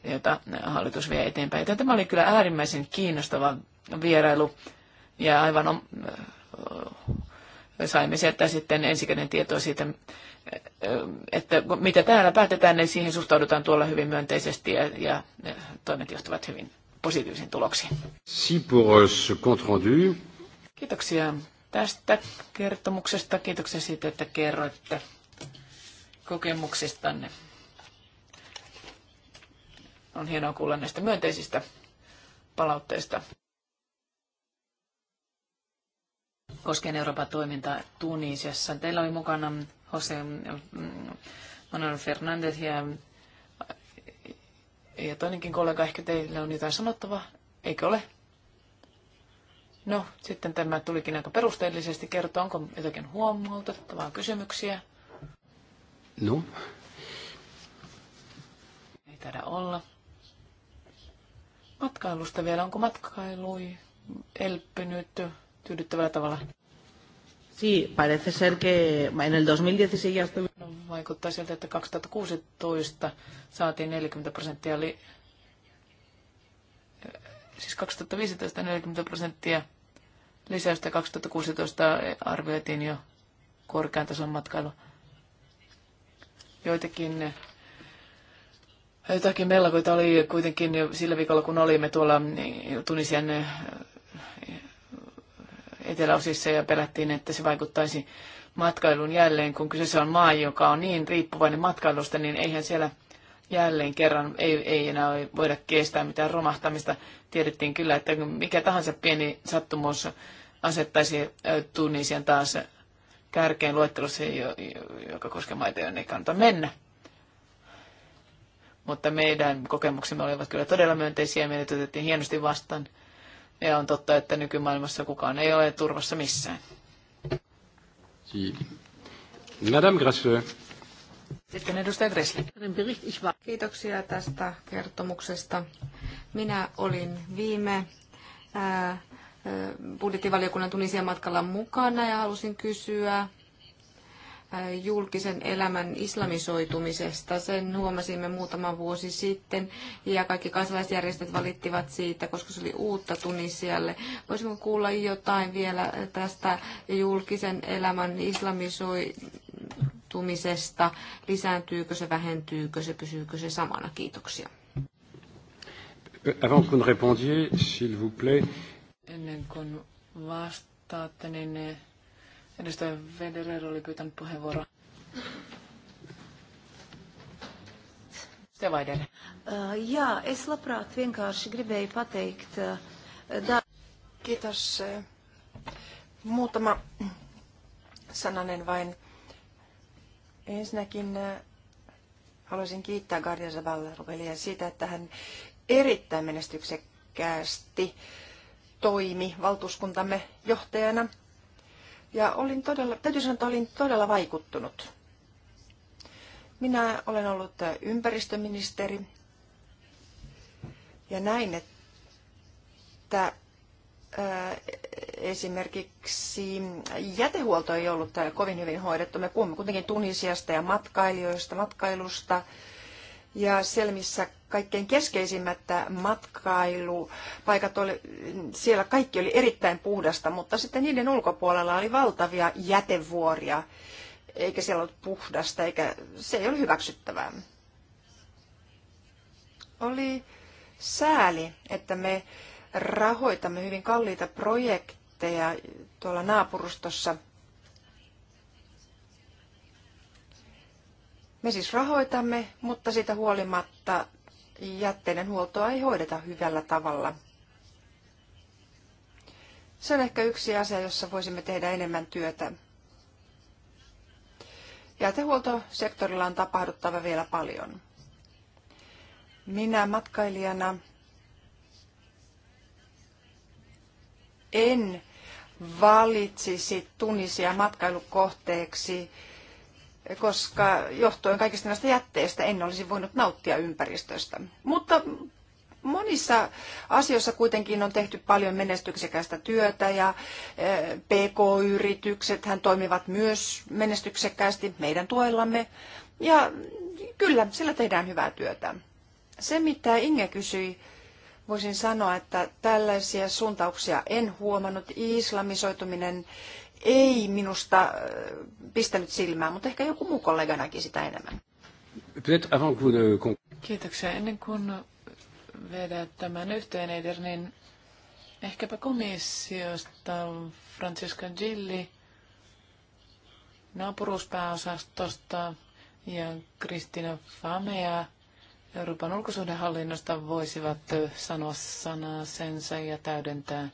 eh, jota hallitus vie eteenpäin. Tämä oli kyllä äärimmäisen kiinnostava vierailu ja aivan eh, saimme sieltä sitten ensikäden tietoa siitä, että mitä täällä päätetään, niin siihen suhtaudutaan tuolla hyvin myönteisesti ja, ja toimet johtavat hyvin positiivisiin tuloksiin. Si pour euh, ce compte rendu. Kiitoksia tästä kertomuksesta. Kiitoksia siitä, että kerroitte kokemuksistanne. On hienoa kuulla näistä myönteisistä palautteista. Koskien Euroopan toimintaa Tunisiassa. Teillä oli mukana José mm, mm, Manuel Fernandez ja, ja toinenkin kollega, ehkä teillä on jotain sanottavaa, eikö ole? No, sitten tämä tulikin aika perusteellisesti kertoa, onko jotakin huomautettavaa kysymyksiä? No. Ei taida olla. Matkailusta vielä, onko matkailu elpynyt tyydyttävällä tavalla? Sí, parece ser que en el 2016 ya estoy... no, Vaikuttaa siltä, että 2016 saatiin 40 prosenttia, eli eh, siis 2015 40 prosenttia lisäystä 2016 arvioitiin jo korkean tason matkailu. Joitakin eh, Jotakin mellakoita oli kuitenkin sillä viikolla, kun olimme tuolla eh, Tunisian eteläosissa ja pelättiin, että se vaikuttaisi matkailun jälleen, kun kyseessä on maa, joka on niin riippuvainen matkailusta, niin eihän siellä jälleen kerran ei, ei enää voida kestää mitään romahtamista. Tiedettiin kyllä, että mikä tahansa pieni sattumus asettaisi Tunisian taas kärkeen luettelossa, joka koskee maita, jonne ei kannata mennä. Mutta meidän kokemuksemme olivat kyllä todella myönteisiä ja meidät otettiin hienosti vastaan. Ja on totta, että nykymaailmassa kukaan ei ole turvassa missään. Madame Gracieux. Sitten edustaja Gressli. Kiitoksia tästä kertomuksesta. Minä olin viime budjettivaliokunnan Tunisian matkalla mukana ja halusin kysyä julkisen elämän islamisoitumisesta. Sen huomasimme muutama vuosi sitten ja kaikki kansalaisjärjestöt valittivat siitä, koska se oli uutta Tunisialle. Voisimme kuulla jotain vielä tästä julkisen elämän islamisoitumisesta? Lisääntyykö se, vähentyykö se, pysyykö se samana? Kiitoksia. Avant que vous ne répondiez, s'il vous plaît. Ennen kuin vastaatte, niin Edustaja Federer oli pyytänyt puheenvuoroa. Edustaja Vaidere. Uh, jā, es vienkārši gribēju pateikt. Uh, Kiitos. Muutama sananen vain. Ensinnäkin uh, haluaisin kiittää Garja Zavallarovelia siitä, että hän erittäin menestyksekkäästi toimi valtuuskuntamme johtajana – ja olin todella, täytyy sanoa, että olin todella vaikuttunut. Minä olen ollut ympäristöministeri ja näin, että esimerkiksi jätehuolto ei ollut kovin hyvin hoidettu. Me puhumme kuitenkin Tunisiasta ja matkailijoista, matkailusta, ja siellä, missä kaikkein keskeisimmät matkailupaikat oli, siellä kaikki oli erittäin puhdasta, mutta sitten niiden ulkopuolella oli valtavia jätevuoria, eikä siellä ollut puhdasta, eikä se ei ole hyväksyttävää. Oli sääli, että me rahoitamme hyvin kalliita projekteja tuolla naapurustossa – Me siis rahoitamme, mutta siitä huolimatta jätteiden huoltoa ei hoideta hyvällä tavalla. Se on ehkä yksi asia, jossa voisimme tehdä enemmän työtä. Jätehuoltosektorilla on tapahduttava vielä paljon. Minä matkailijana en valitsisi Tunisia matkailukohteeksi koska johtuen kaikista näistä jätteistä en olisi voinut nauttia ympäristöstä. Mutta monissa asioissa kuitenkin on tehty paljon menestyksekästä työtä ja e, PK-yritykset hän toimivat myös menestyksekkäästi meidän tuellamme. Ja kyllä, sillä tehdään hyvää työtä. Se, mitä Inge kysyi, voisin sanoa, että tällaisia suuntauksia en huomannut. Islamisoituminen ei minusta äh, pistänyt silmään, mutta ehkä joku muu kollega näki sitä enemmän. Kiitoksia. Ennen kuin vedät tämän yhteen, Eider, niin ehkäpä komissiosta Francisca Gilli naapuruuspääosastosta ja Kristina Famea Euroopan ulkosuhdehallinnosta voisivat sanoa sanaa sensä ja täydentää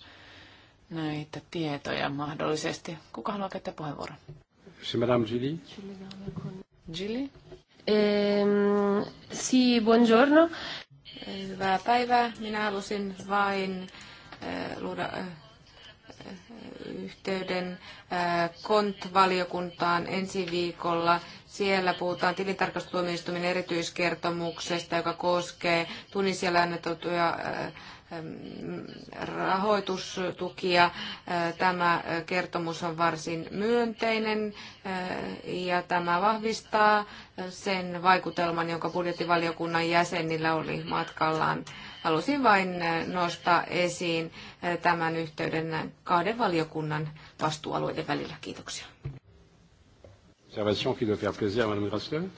näitä tietoja mahdollisesti. Kuka haluaa käyttää puheenvuoron? C'est Madame Gilly. Gilly. Ehm, si, buongiorno. Hyvää päivää. Minä halusin vain äh, luoda äh, yhteyden äh, KONT-valiokuntaan ensi viikolla. Siellä puhutaan tilintarkastustuomioistuimen erityiskertomuksesta, joka koskee Tunisialle äh, rahoitustukia. Tämä kertomus on varsin myönteinen ja tämä vahvistaa sen vaikutelman, jonka budjettivaliokunnan jäsenillä oli matkallaan. Halusin vain nostaa esiin tämän yhteyden kahden valiokunnan vastuualueiden välillä. Kiitoksia. Observation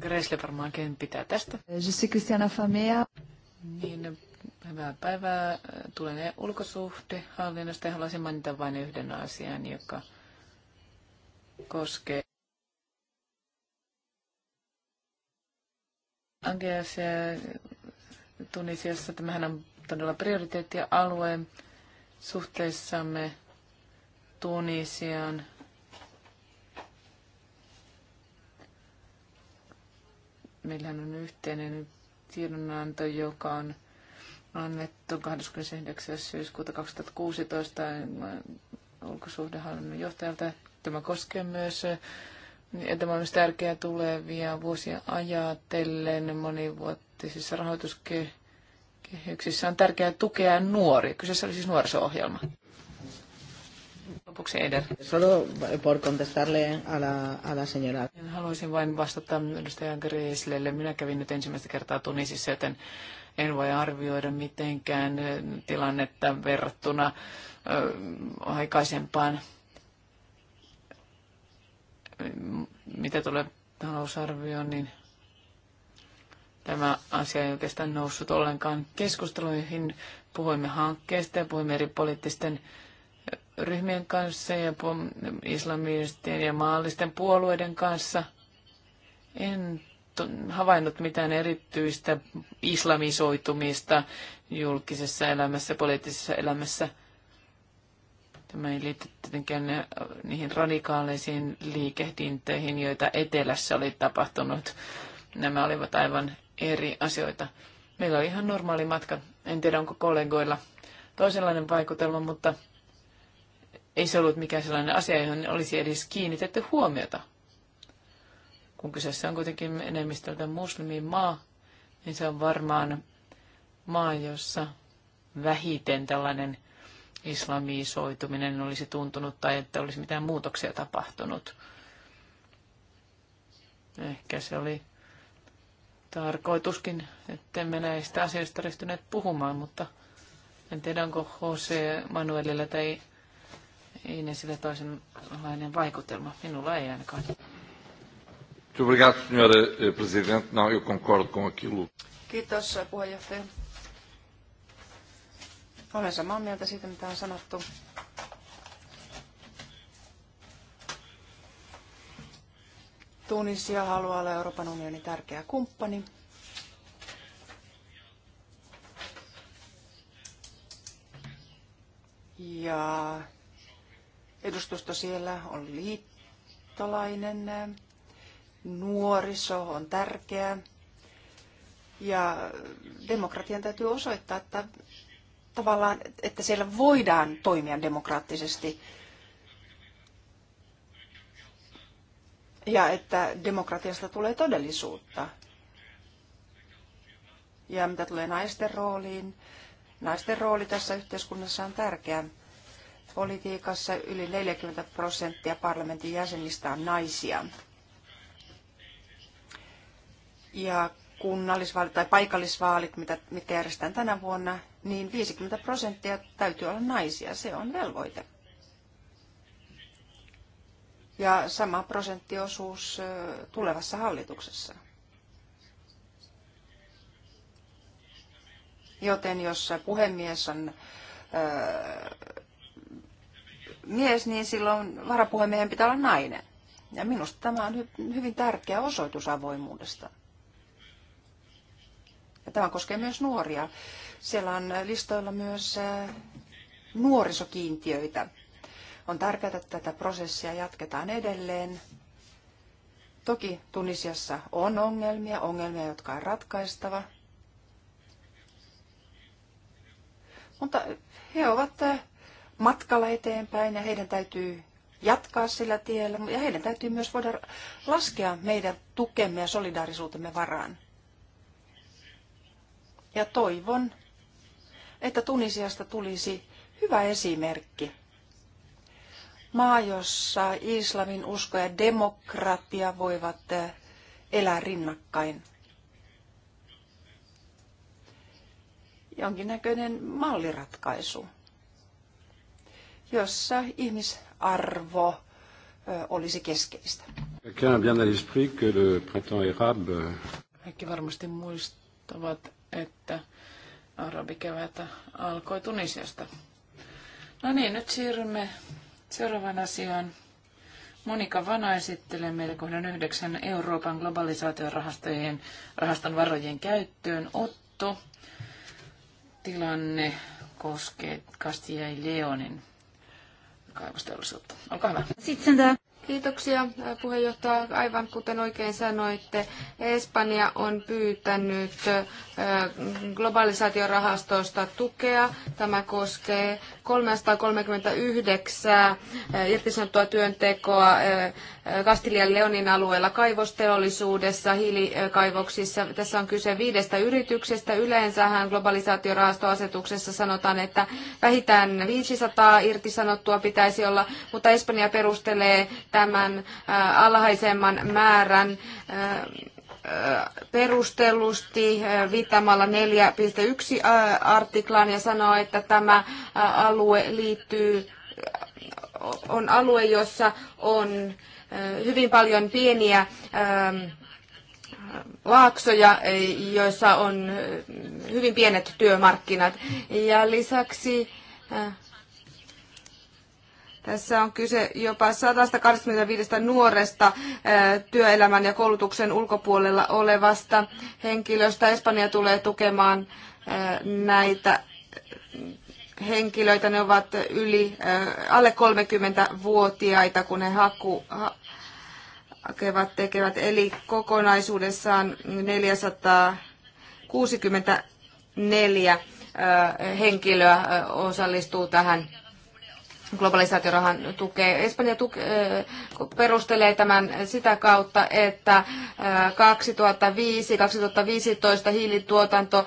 Gressle varmaankin pitää tästä. Je suis Christiana Famea. Niin, Hyvää päivää. Tulen ulkosuhdehallinnosta ja haluaisin mainita vain yhden asian, joka koskee Angeas Tunisiassa. Tämähän on todella prioriteettialue suhteessamme Tunisiaan. Meillähän on yhteinen tiedonanto, joka on annettu 29. syyskuuta 2016 ulkosuhdehallinnon johtajalta. Tämä koskee myös Tämä on myös tärkeää tulevia vuosia ajatellen monivuotisissa rahoituskehyksissä on tärkeää tukea nuoria. Kyseessä oli siis nuoriso-ohjelma. Lopuksi Eder. Solo por contestarle a la, a la señora. Haluaisin vain vastata edustaja Greslelle. Minä kävin nyt ensimmäistä kertaa Tunisissa, joten en voi arvioida mitenkään tilannetta verrattuna aikaisempaan, mitä tulee talousarvioon, niin tämä asia ei oikeastaan noussut ollenkaan keskusteluihin. Puhuimme hankkeesta ja puhuimme eri poliittisten ryhmien kanssa ja islamistien ja maallisten puolueiden kanssa. En havainnut mitään erityistä islamisoitumista julkisessa elämässä, poliittisessa elämässä. Tämä ei liity tietenkään äh, niihin radikaaleisiin liikehdintöihin, joita etelässä oli tapahtunut. Nämä olivat aivan eri asioita. Meillä oli ihan normaali matka. En tiedä, onko kollegoilla toisenlainen vaikutelma, mutta ei se ollut mikään sellainen asia, johon olisi edes kiinnitetty huomiota kun kyseessä on kuitenkin enemmistöltä muslimimaa, niin se on varmaan maa, jossa vähiten tällainen islamisoituminen olisi tuntunut tai että olisi mitään muutoksia tapahtunut. Ehkä se oli tarkoituskin, että me näistä asioista ristyneet puhumaan, mutta en tiedä, onko Jose Manuelilla tai Inesillä toisenlainen vaikutelma. Minulla ei ainakaan. Muito obrigado, senhora eh, Presidente. Não, eu concordo com aquilo. Kiitos, eh, puheenjohtaja. Olen samaa mieltä siitä, mitä on sanottu. Tunisia haluaa olla Euroopan unionin tärkeä kumppani. Ja edustusto siellä on liittolainen nuoriso on tärkeää. Ja demokratian täytyy osoittaa, että tavallaan, että siellä voidaan toimia demokraattisesti. Ja että demokratiasta tulee todellisuutta. Ja mitä tulee naisten rooliin, naisten rooli tässä yhteiskunnassa on tärkeä. Politiikassa yli 40 prosenttia parlamentin jäsenistä on naisia ja kunnallisvaalit tai paikallisvaalit, mitä, mitkä järjestetään tänä vuonna, niin 50 prosenttia täytyy olla naisia. Se on velvoite. Ja sama prosenttiosuus tulevassa hallituksessa. Joten jos puhemies on öö, mies, niin silloin varapuhemiehen pitää olla nainen. Ja minusta tämä on hy- hyvin tärkeä osoitus avoimuudesta. Ja tämä koskee myös nuoria. Siellä on listoilla myös äh, nuorisokiintiöitä. On tärkeää, että tätä prosessia jatketaan edelleen. Toki Tunisiassa on ongelmia, ongelmia, jotka on ratkaistava. Mutta he ovat äh, matkalla eteenpäin ja heidän täytyy jatkaa sillä tiellä ja heidän täytyy myös voida laskea meidän tukemme ja solidaarisuutemme varaan ja toivon, että Tunisiasta tulisi hyvä esimerkki. Maa, jossa islamin usko ja demokratia voivat eh, elää rinnakkain. Jonkinnäköinen malliratkaisu, jossa ihmisarvo eh, olisi keskeistä. Eh, Kaikki varmasti muistavat että arabikevät alkoi Tunisiasta. No niin, nyt siirrymme seuraavaan asiaan. Monika Vana esittelee meille kohdan yhdeksän Euroopan globalisaatiorahastojen rahaston varojen käyttöön otto. Tilanne koskee Castilla Leonin kaivosteollisuutta. Olkaa hyvä. Sitten Kiitoksia puheenjohtaja. Aivan kuten oikein sanoitte, Espanja on pyytänyt globalisaatiorahastosta tukea. Tämä koskee 339 äh, irtisanottua työntekoa Kastilian äh, äh, Leonin alueella kaivosteollisuudessa, hiilikaivoksissa. Tässä on kyse viidestä yrityksestä. Yleensähän globalisaatiorahastoasetuksessa sanotaan, että vähintään 500 irtisanottua pitäisi olla, mutta Espanja perustelee tämän alhaisemman määrän perustellusti äh, viittaamalla 4.1 äh, artiklaan ja sanoo, että tämä äh, alue liittyy, on alue, jossa on hyvin paljon pieniä ähm, laaksoja, joissa on hyvin pienet työmarkkinat. Ja lisäksi tässä on kyse jopa 125 nuoresta äh, työelämän ja koulutuksen ulkopuolella olevasta henkilöstä. Espanja tulee tukemaan äh, näitä henkilöitä. Ne ovat yli äh, alle 30-vuotiaita, kun he haku, hakevat, tekevät. Eli kokonaisuudessaan 464 henkilöä osallistuu tähän globalisaatiorahan tukee. Espanja tuke, perustelee tämän sitä kautta, että 2005-2015 hiilituotanto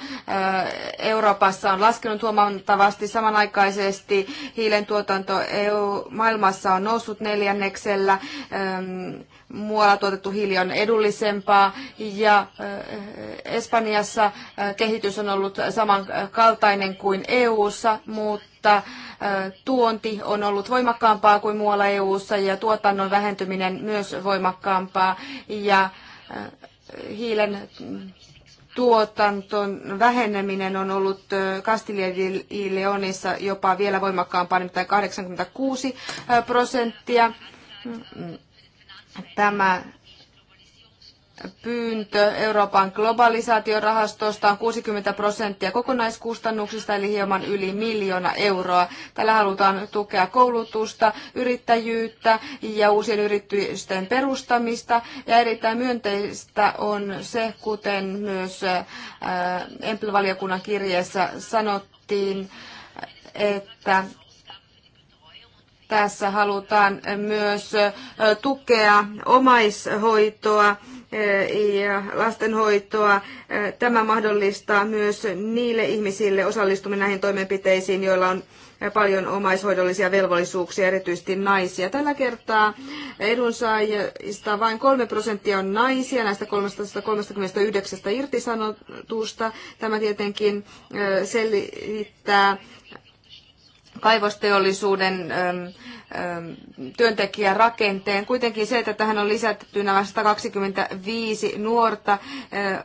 Euroopassa on laskenut huomattavasti. Samanaikaisesti hiilen tuotanto EU, maailmassa on noussut neljänneksellä. Muualla tuotettu hiili on edullisempaa ja Espanjassa kehitys on ollut samankaltainen kuin EU:ssa, mutta tuonti on ollut voimakkaampaa kuin muualla EU:ssa ja tuotannon vähentyminen myös voimakkaampaa ja hiilen tuotanton väheneminen on ollut Castilla Leonissa jopa vielä voimakkaampaa, nimittäin 86 prosenttia. Mm, mm. Tämä pyyntö Euroopan globalisaatiorahastosta on 60 prosenttia kokonaiskustannuksista, eli hieman yli miljoona euroa. Tällä halutaan tukea koulutusta, yrittäjyyttä ja uusien yritysten perustamista. Ja erittäin myönteistä on se, kuten myös äh, Empel-valiokunnan kirjeessä sanottiin, että tässä halutaan myös äh, tukea omaishoitoa Eh, ja lastenhoitoa. Eh, tämä mahdollistaa myös niille ihmisille osallistuminen näihin toimenpiteisiin, joilla on eh, paljon omaishoidollisia velvollisuuksia, erityisesti naisia. Tällä kertaa edunsaajista vain 3 prosenttia on naisia näistä 339 irtisanotusta. Tämä tietenkin selittää kaivosteollisuuden ähm, ähm, työntekijärakenteen. Kuitenkin se, että tähän on lisätty nämä 125 nuorta, äh,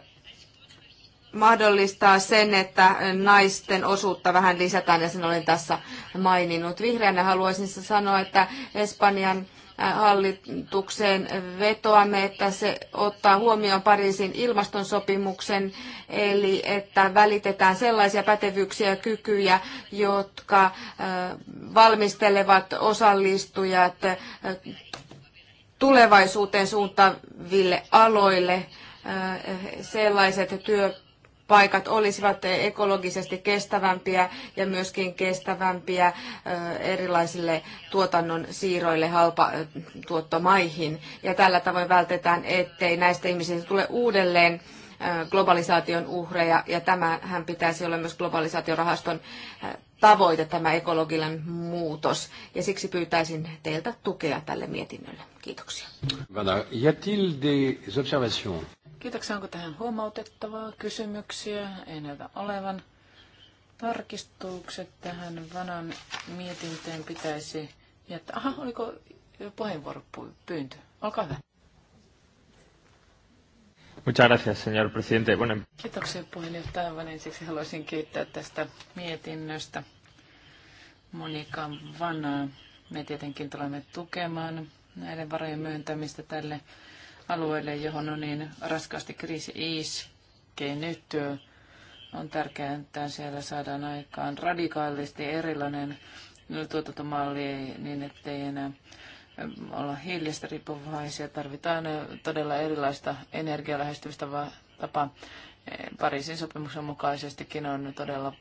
mahdollistaa sen, että naisten osuutta vähän lisätään, ja sen olen tässä maininnut. Vihreänä haluaisin sanoa, että Espanjan hallitukseen vetoamme, että se ottaa huomioon Pariisin ilmastonsopimuksen, eli että välitetään sellaisia pätevyyksiä ja kykyjä, jotka valmistelevat osallistujat tulevaisuuteen suuntaville aloille sellaiset työ paikat olisivat ekologisesti kestävämpiä ja myöskin kestävämpiä erilaisille tuotannon siirroille halpa tuottomaihin. Ja tällä tavoin vältetään, ettei näistä ihmisistä tule uudelleen globalisaation uhreja, ja tämähän pitäisi olla myös globalisaatiorahaston tavoite, tämä ekologinen muutos. Ja siksi pyytäisin teiltä tukea tälle mietinnölle. Kiitoksia. Voilà. Y a-t-il des observations? Kiitoksia. Onko tähän huomautettavaa kysymyksiä? Ei näytä olevan. Tarkistukset tähän vanan mietintöön pitäisi jättää. Aha, oliko puheenvuoropyyntö? Olkaa hyvä. Muchas gracias, señor presidente. Bueno. Kiitoksia puheenjohtaja. Vain ensiksi haluaisin kiittää tästä mietinnöstä. Monika Vanaa. Me tietenkin tulemme tukemaan näiden varojen myöntämistä tälle alueelle, johon on niin raskaasti kriisi iskenyt. nyt. On tärkeää, että siellä saadaan aikaan radikaalisti erilainen tuotantomalli niin, ettei enää olla hiilistä riippuvaisia. Tarvitaan todella erilaista energialähestymistä tapa. Pariisin sopimuksen mukaisestikin on todella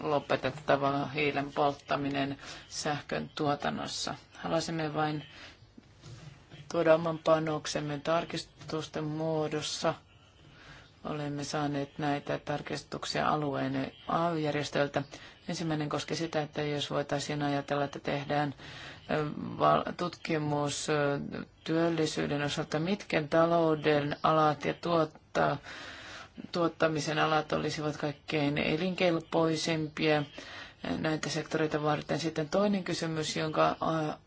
lopetettava hiilen polttaminen sähkön tuotannossa. Haluaisimme vain tuoda oman panoksemme tarkistusten muodossa. Olemme saaneet näitä tarkistuksia alueen AY-järjestöltä. Ensimmäinen koski sitä, että jos voitaisiin ajatella, että tehdään tutkimus työllisyyden osalta, mitkä talouden alat ja tuottaa, tuottamisen alat olisivat kaikkein elinkelpoisempia näitä sektoreita varten. Sitten toinen kysymys, jonka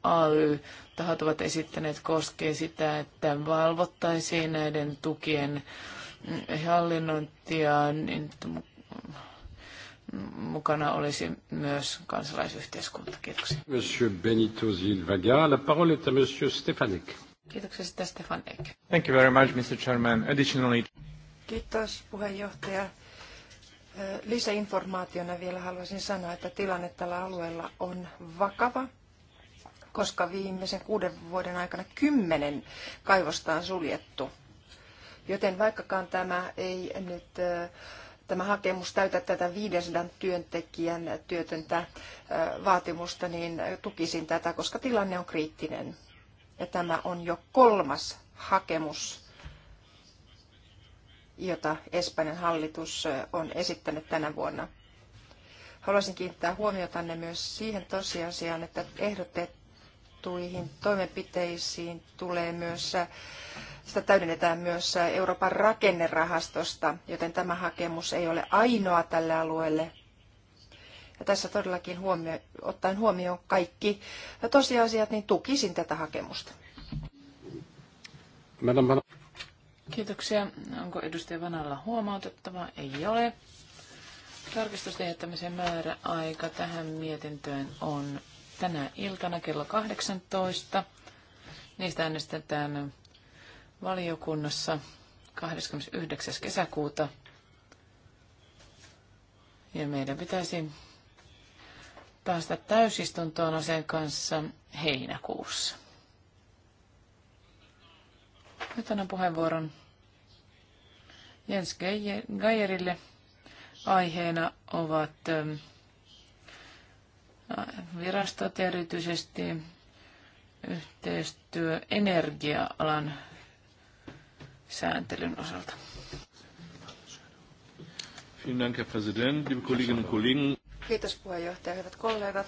AY-tahot ovat esittäneet, koskee sitä, että valvottaisiin näiden tukien hallinnointia, niin mukana olisi myös kansalaisyhteiskunta. Kiitoksia. Monsieur Benito Zilvaga, la parole est à monsieur Stefanik. Kiitoksia sitä Stefanik. Thank you very much, Mr. Chairman. Additionally... Kiitos puheenjohtaja. Lisäinformaationa vielä haluaisin sanoa, että tilanne tällä alueella on vakava, koska viimeisen kuuden vuoden aikana kymmenen kaivosta on suljettu. Joten vaikkakaan tämä ei nyt tämä hakemus täytä tätä 500 työntekijän työtöntä vaatimusta, niin tukisin tätä, koska tilanne on kriittinen. Ja tämä on jo kolmas hakemus jota Espanjan hallitus on esittänyt tänä vuonna. Haluaisin kiinnittää huomiotanne myös siihen tosiasiaan, että ehdotettuihin toimenpiteisiin tulee myös, sitä täydennetään myös Euroopan rakennerahastosta, joten tämä hakemus ei ole ainoa tälle alueelle. Ja tässä todellakin huomio, ottaen huomioon kaikki tosiasiat, niin tukisin tätä hakemusta. Kiitoksia. Onko edustaja Vanalla huomautettavaa? Ei ole. Tarkistustehtämisen määräaika tähän mietintöön on tänä iltana kello 18. Niistä äänestetään valiokunnassa 29. kesäkuuta. Ja meidän pitäisi päästä täysistuntoon aseen kanssa heinäkuussa. Nyt annan puheenvuoron Jens Geierille. Aiheena ovat ähm, äh, virastot ja erityisesti yhteistyö energia-alan sääntelyn osalta. Dank, Herr Präsident, liebe Kolleginnen und Kollegen. Kiitos puheenjohtaja, hyvät kollegat.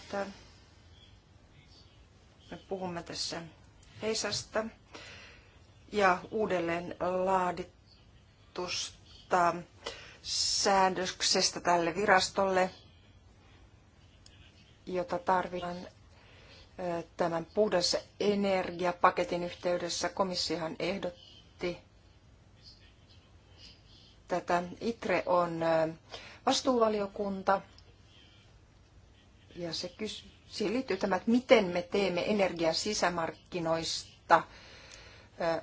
Me puhumme tässä Heisasta, ja uudelleen laaditusta säädöksestä tälle virastolle, jota tarvitaan tämän puhdas energiapaketin yhteydessä. Komissiohan ehdotti tätä. ITRE on vastuuvaliokunta ja se kysy, siihen liittyy tämä, että miten me teemme energian sisämarkkinoista –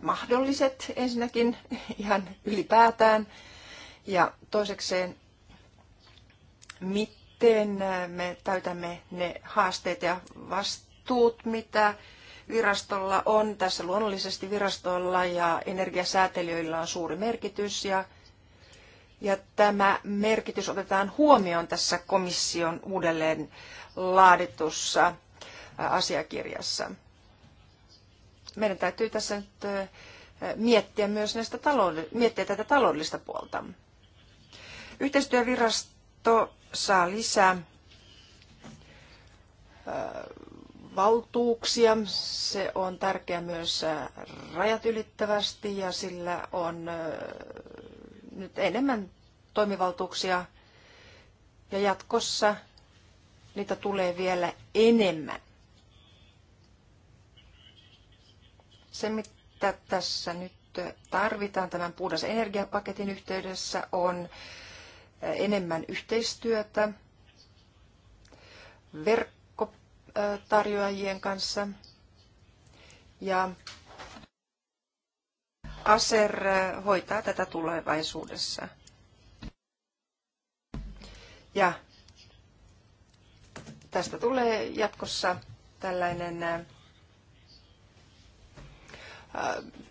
mahdolliset ensinnäkin ihan ylipäätään ja toisekseen, miten me täytämme ne haasteet ja vastuut, mitä virastolla on. Tässä luonnollisesti virastolla ja energiasäätelijöillä on suuri merkitys ja, ja tämä merkitys otetaan huomioon tässä komission uudelleen laaditussa asiakirjassa meidän täytyy tässä nyt miettiä myös näistä talouden, miettiä tätä taloudellista puolta. Yhteistyövirasto saa lisää valtuuksia. Se on tärkeä myös rajat ylittävästi ja sillä on nyt enemmän toimivaltuuksia ja jatkossa niitä tulee vielä enemmän. Se, mitä tässä nyt tarvitaan tämän puhdas energiapaketin yhteydessä, on enemmän yhteistyötä verkkotarjoajien kanssa ja ASER hoitaa tätä tulevaisuudessa. Ja tästä tulee jatkossa tällainen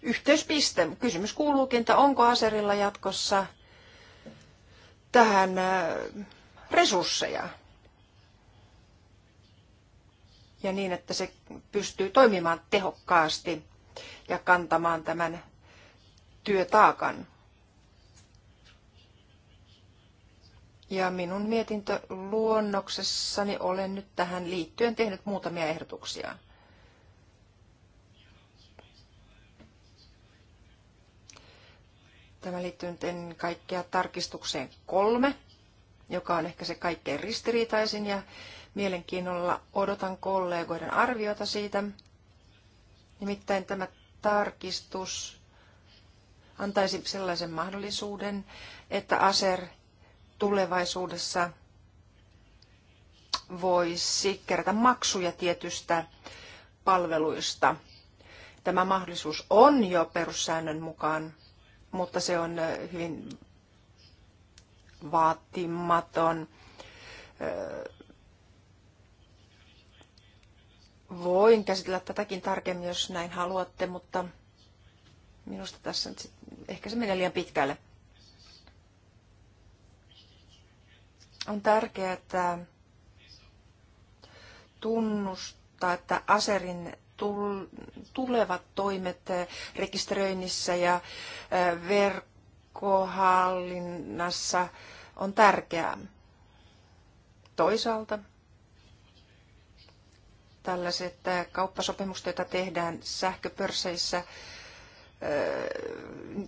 yhteyspiste. Kysymys kuuluukin, että onko Aserilla jatkossa tähän resursseja ja niin, että se pystyy toimimaan tehokkaasti ja kantamaan tämän työtaakan. Ja minun mietintöluonnoksessani olen nyt tähän liittyen tehnyt muutamia ehdotuksia. Tämä liittyy nyt ennen kaikkea tarkistukseen kolme, joka on ehkä se kaikkein ristiriitaisin ja mielenkiinnolla odotan kollegoiden arviota siitä. Nimittäin tämä tarkistus antaisi sellaisen mahdollisuuden, että ASER tulevaisuudessa voisi kerätä maksuja tietystä palveluista. Tämä mahdollisuus on jo perussäännön mukaan mutta se on hyvin vaatimaton Voin käsitellä tätäkin tarkemmin, jos näin haluatte, mutta minusta tässä nyt sit, ehkä se menee liian pitkälle. On tärkeää, että tunnustaa, että Aserin tulevat toimet rekisteröinnissä ja verkkohallinnassa on tärkeää. Toisaalta tällaiset kauppasopimukset, joita tehdään sähköpörsseissä,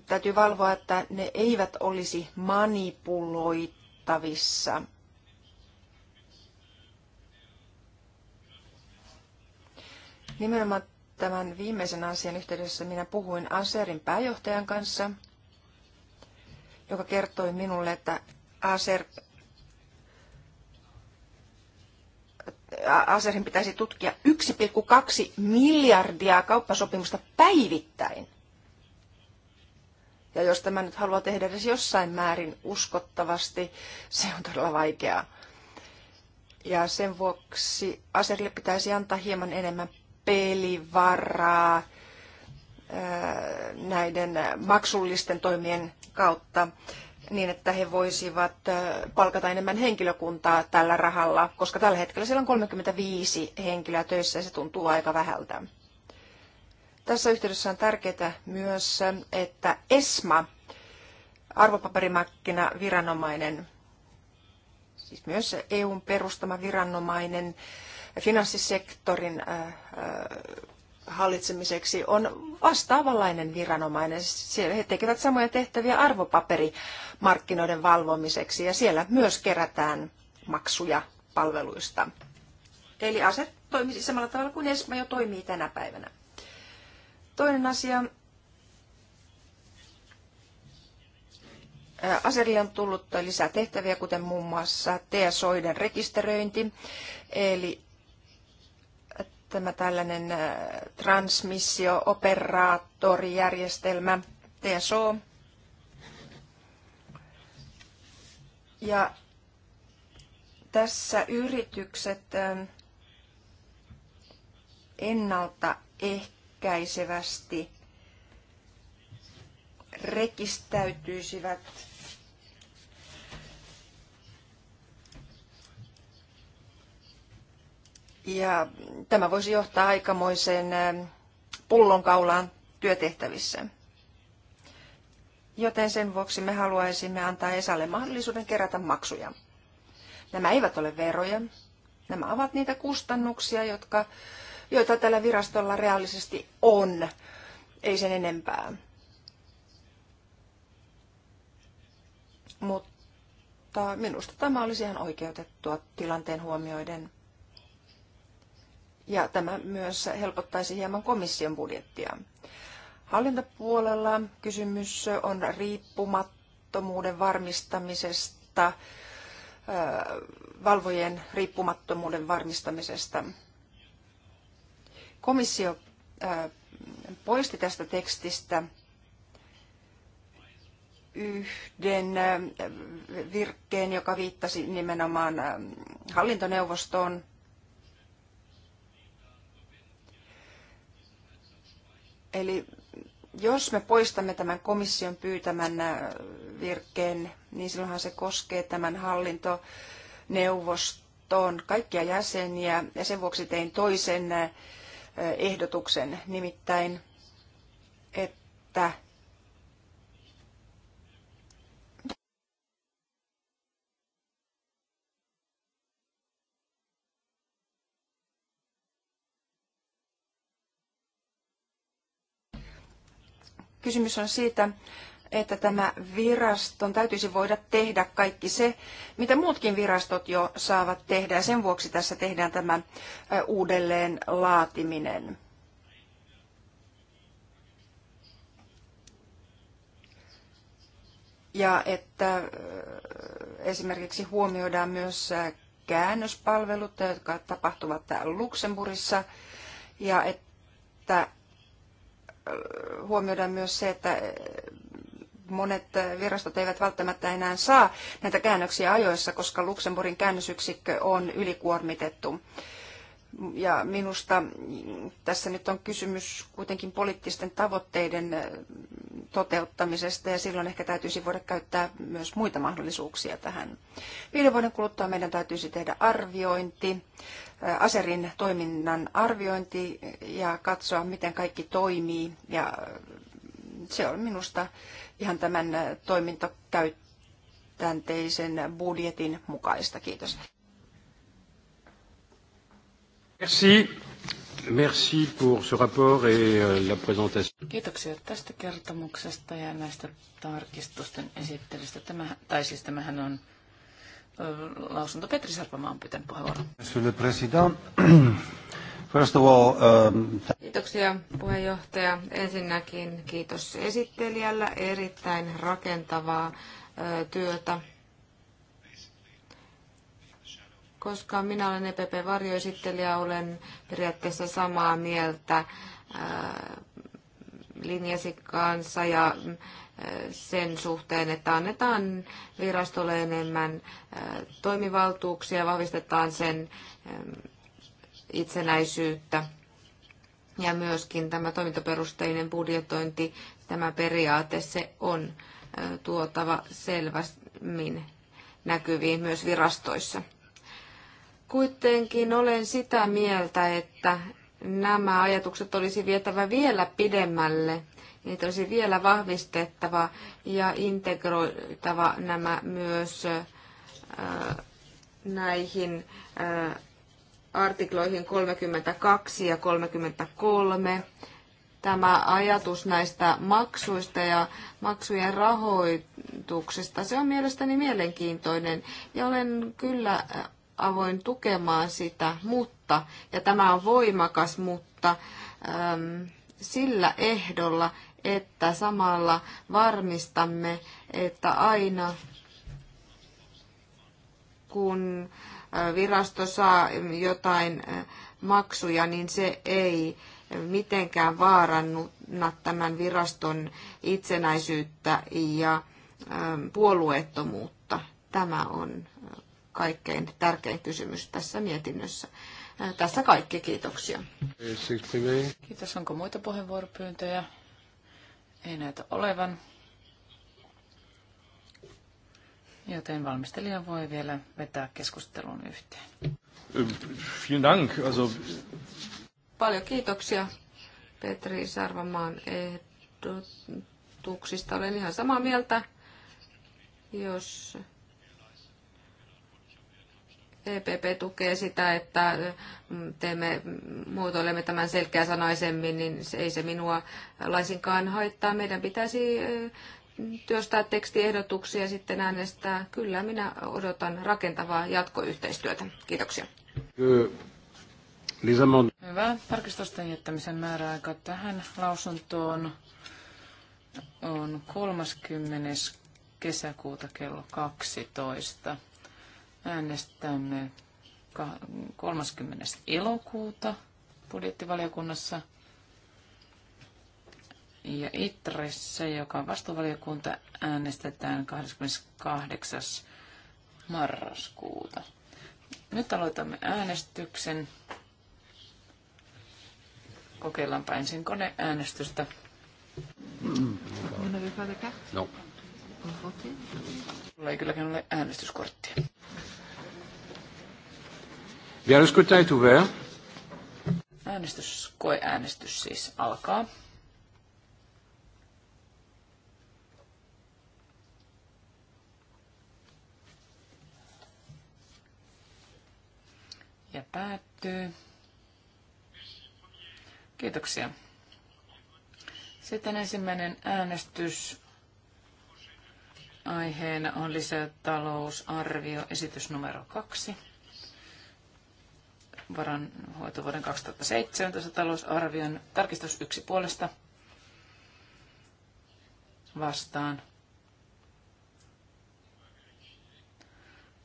täytyy valvoa, että ne eivät olisi manipuloitavissa. Nimenomaan tämän viimeisen asian yhteydessä minä puhuin Aserin pääjohtajan kanssa, joka kertoi minulle, että Aser, Aserin pitäisi tutkia 1,2 miljardia kauppasopimusta päivittäin. Ja jos tämä nyt haluaa tehdä edes jossain määrin uskottavasti, se on todella vaikeaa. Ja sen vuoksi Aserille pitäisi antaa hieman enemmän pelivaraa äh, näiden maksullisten toimien kautta niin, että he voisivat äh, palkata enemmän henkilökuntaa tällä rahalla, koska tällä hetkellä siellä on 35 henkilöä töissä ja se tuntuu aika vähältä. Tässä yhteydessä on tärkeää myös, että ESMA, arvopaperimarkkinaviranomainen, siis myös EUn perustama viranomainen, finanssisektorin äh, äh, hallitsemiseksi on vastaavanlainen viranomainen. Siellä he tekevät samoja tehtäviä arvopaperimarkkinoiden valvomiseksi ja siellä myös kerätään maksuja palveluista. Eli aset toimisi samalla tavalla kuin ESMA jo toimii tänä päivänä. Toinen asia. Äh, Aserille on tullut lisää tehtäviä, kuten muun muassa TSOiden rekisteröinti, eli tämä tällainen äh, transmissio-operaattorijärjestelmä, TSO. Ja tässä yritykset ähm, ennaltaehkäisevästi rekistäytyisivät Ja tämä voisi johtaa aikamoiseen pullonkaulaan työtehtävissä. Joten sen vuoksi me haluaisimme antaa Esalle mahdollisuuden kerätä maksuja. Nämä eivät ole veroja. Nämä ovat niitä kustannuksia, jotka, joita tällä virastolla reaalisesti on. Ei sen enempää. Mutta minusta tämä olisi ihan oikeutettua tilanteen huomioiden ja tämä myös helpottaisi hieman komission budjettia. Hallintapuolella kysymys on riippumattomuuden varmistamisesta, valvojen riippumattomuuden varmistamisesta. Komissio poisti tästä tekstistä yhden virkkeen, joka viittasi nimenomaan hallintoneuvostoon Eli jos me poistamme tämän komission pyytämän äh, virkkeen, niin silloinhan se koskee tämän hallintoneuvoston kaikkia jäseniä. Ja sen vuoksi tein toisen äh, ehdotuksen, nimittäin, että Kysymys on siitä, että tämä viraston täytyisi voida tehdä kaikki se, mitä muutkin virastot jo saavat tehdä. Ja sen vuoksi tässä tehdään tämä uudelleen laatiminen. Ja että esimerkiksi huomioidaan myös käännöspalvelut, jotka tapahtuvat täällä Luxemburissa, ja että huomioida myös se, että monet virastot eivät välttämättä enää saa näitä käännöksiä ajoissa, koska Luxemburgin käännösyksikkö on ylikuormitettu. Ja minusta tässä nyt on kysymys kuitenkin poliittisten tavoitteiden toteuttamisesta ja silloin ehkä täytyisi voida käyttää myös muita mahdollisuuksia tähän. Viiden vuoden kuluttua meidän täytyisi tehdä arviointi, Aserin toiminnan arviointi ja katsoa, miten kaikki toimii. Ja se on minusta ihan tämän toimintakäyttänteisen budjetin mukaista. Kiitos. Merci. Merci pour ce rapport et euh, la présentation. Kiitoksia tästä kertomuksesta ja näistä tarkistusten esittelystä. Tämä, tai siis tämähän on lausunto Petri Sarpamaan pitänyt puheenvuoron. Monsieur le Président, first of all, um... Kiitoksia puheenjohtaja. Ensinnäkin kiitos esittelijällä erittäin rakentavaa työtä Koska minä olen EPP-varjoesittelijä, olen periaatteessa samaa mieltä äh, linjasi kanssa ja äh, sen suhteen, että annetaan virastolle enemmän äh, toimivaltuuksia, vahvistetaan sen ähm, itsenäisyyttä ja myöskin tämä toimintaperusteinen budjetointi, tämä periaate, se on tuotava selvästi näkyviin myös virastoissa. Kuitenkin olen sitä mieltä, että nämä ajatukset olisi vietävä vielä pidemmälle. Niitä olisi vielä vahvistettava ja integroitava nämä myös näihin artikloihin 32 ja 33. Tämä ajatus näistä maksuista ja maksujen rahoituksesta, se on mielestäni mielenkiintoinen. Ja olen kyllä avoin tukemaan sitä, mutta, ja tämä on voimakas, mutta äm, sillä ehdolla, että samalla varmistamme, että aina kun virasto saa jotain maksuja, niin se ei mitenkään vaaranna tämän viraston itsenäisyyttä ja puolueettomuutta. Tämä on kaikkein tärkein kysymys tässä mietinnössä. Tässä kaikki, kiitoksia. Kiitos. Onko muita puheenvuoropyyntöjä? Ei näitä olevan. Joten valmistelija voi vielä vetää keskustelun yhteen. Vielen Dank. Also... Paljon kiitoksia Petri Sarvamaan ehdotuksista. Olen ihan samaa mieltä. Jos EPP tukee sitä, että mm, teemme, muotoilemme tämän selkeäsanaisemmin, niin se ei se minua laisinkaan haittaa. Meidän pitäisi työstää tekstiehdotuksia ja sitten äänestää. Kyllä, minä odotan rakentavaa jatkoyhteistyötä. Kiitoksia. Hyvä. Tarkistusten jättämisen määräaika tähän lausuntoon on 30. kesäkuuta kello 12. Äänestämme 30. elokuuta budjettivaliokunnassa ja Itressä, joka on vastuuvaliokunta, äänestetään 28. marraskuuta. Nyt aloitamme äänestyksen. Kokeillaanpa ensin koneäänestystä. No. Tulee kylläkin ole äänestyskorttia. Bien, le scrutin est ouvert. Äänestys, koeäänestys siis alkaa. Ja päättyy. Kiitoksia. Sitten ensimmäinen äänestys. Aiheena on lisätalousarvio, esitys numero kaksi varanhoito vuoden 2017 talousarvion tarkistus yksi puolesta vastaan.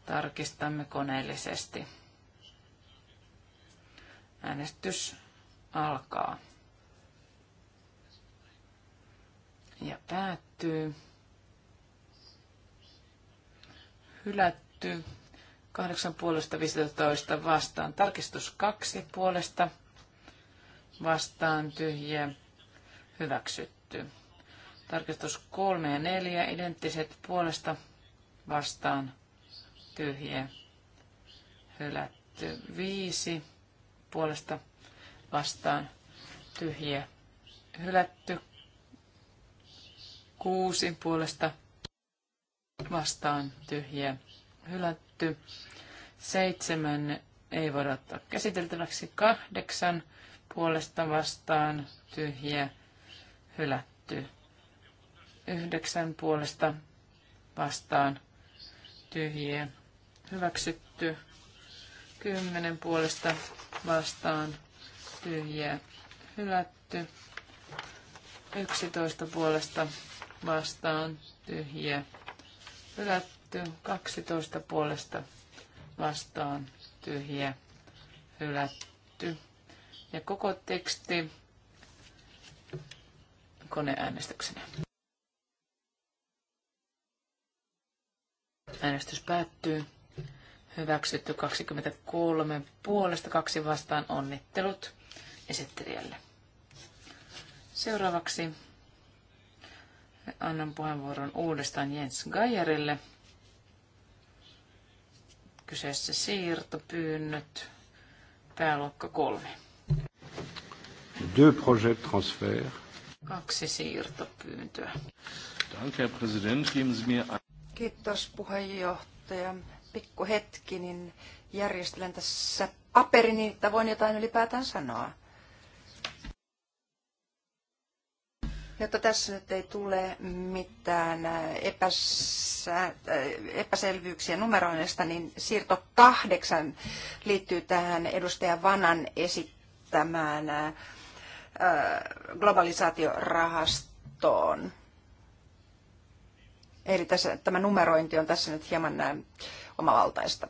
Tarkistamme koneellisesti. Äänestys alkaa. Ja päättyy. Hylätty. 8 puolesta 15 vastaan. Tarkistus 2 puolesta vastaan tyhjä hyväksytty. Tarkistus 3 ja 4 identtiset puolesta vastaan tyhjä hylätty. 5 puolesta vastaan tyhjä hylätty. 6 puolesta vastaan tyhjä hylätty. Seitsemän ei voida ottaa käsiteltäväksi. Kahdeksan puolesta vastaan tyhjä hylätty. Yhdeksän puolesta vastaan tyhjä, hyväksytty. Kymmenen puolesta vastaan tyhjä, hylätty. Yksitoista puolesta vastaan tyhjä, hylätty. Hylätty 12 puolesta vastaan tyhjä. Hylätty. Ja koko teksti koneäänestyksenä. Äänestys päättyy. Hyväksytty 23 puolesta, kaksi vastaan onnittelut esittelijälle. Seuraavaksi annan puheenvuoron uudestaan Jens Gajarille kyseessä siirtopyynnöt, pääluokka kolme. Deux projets transfert. Kaksi siirtopyyntöä. Danke, Herr Präsident. Geben Sie mir... Kiitos puheenjohtaja. Pikku hetki, niin järjestelen tässä paperini, että voin jotain ylipäätään sanoa. Jotta tässä nyt ei tule mitään epäsä, epäselvyyksiä numeroinnista, niin siirto kahdeksan liittyy tähän edustaja Vanan esittämään äh, globalisaatiorahastoon. Eli tässä, tämä numerointi on tässä nyt hieman äh, omavaltaista.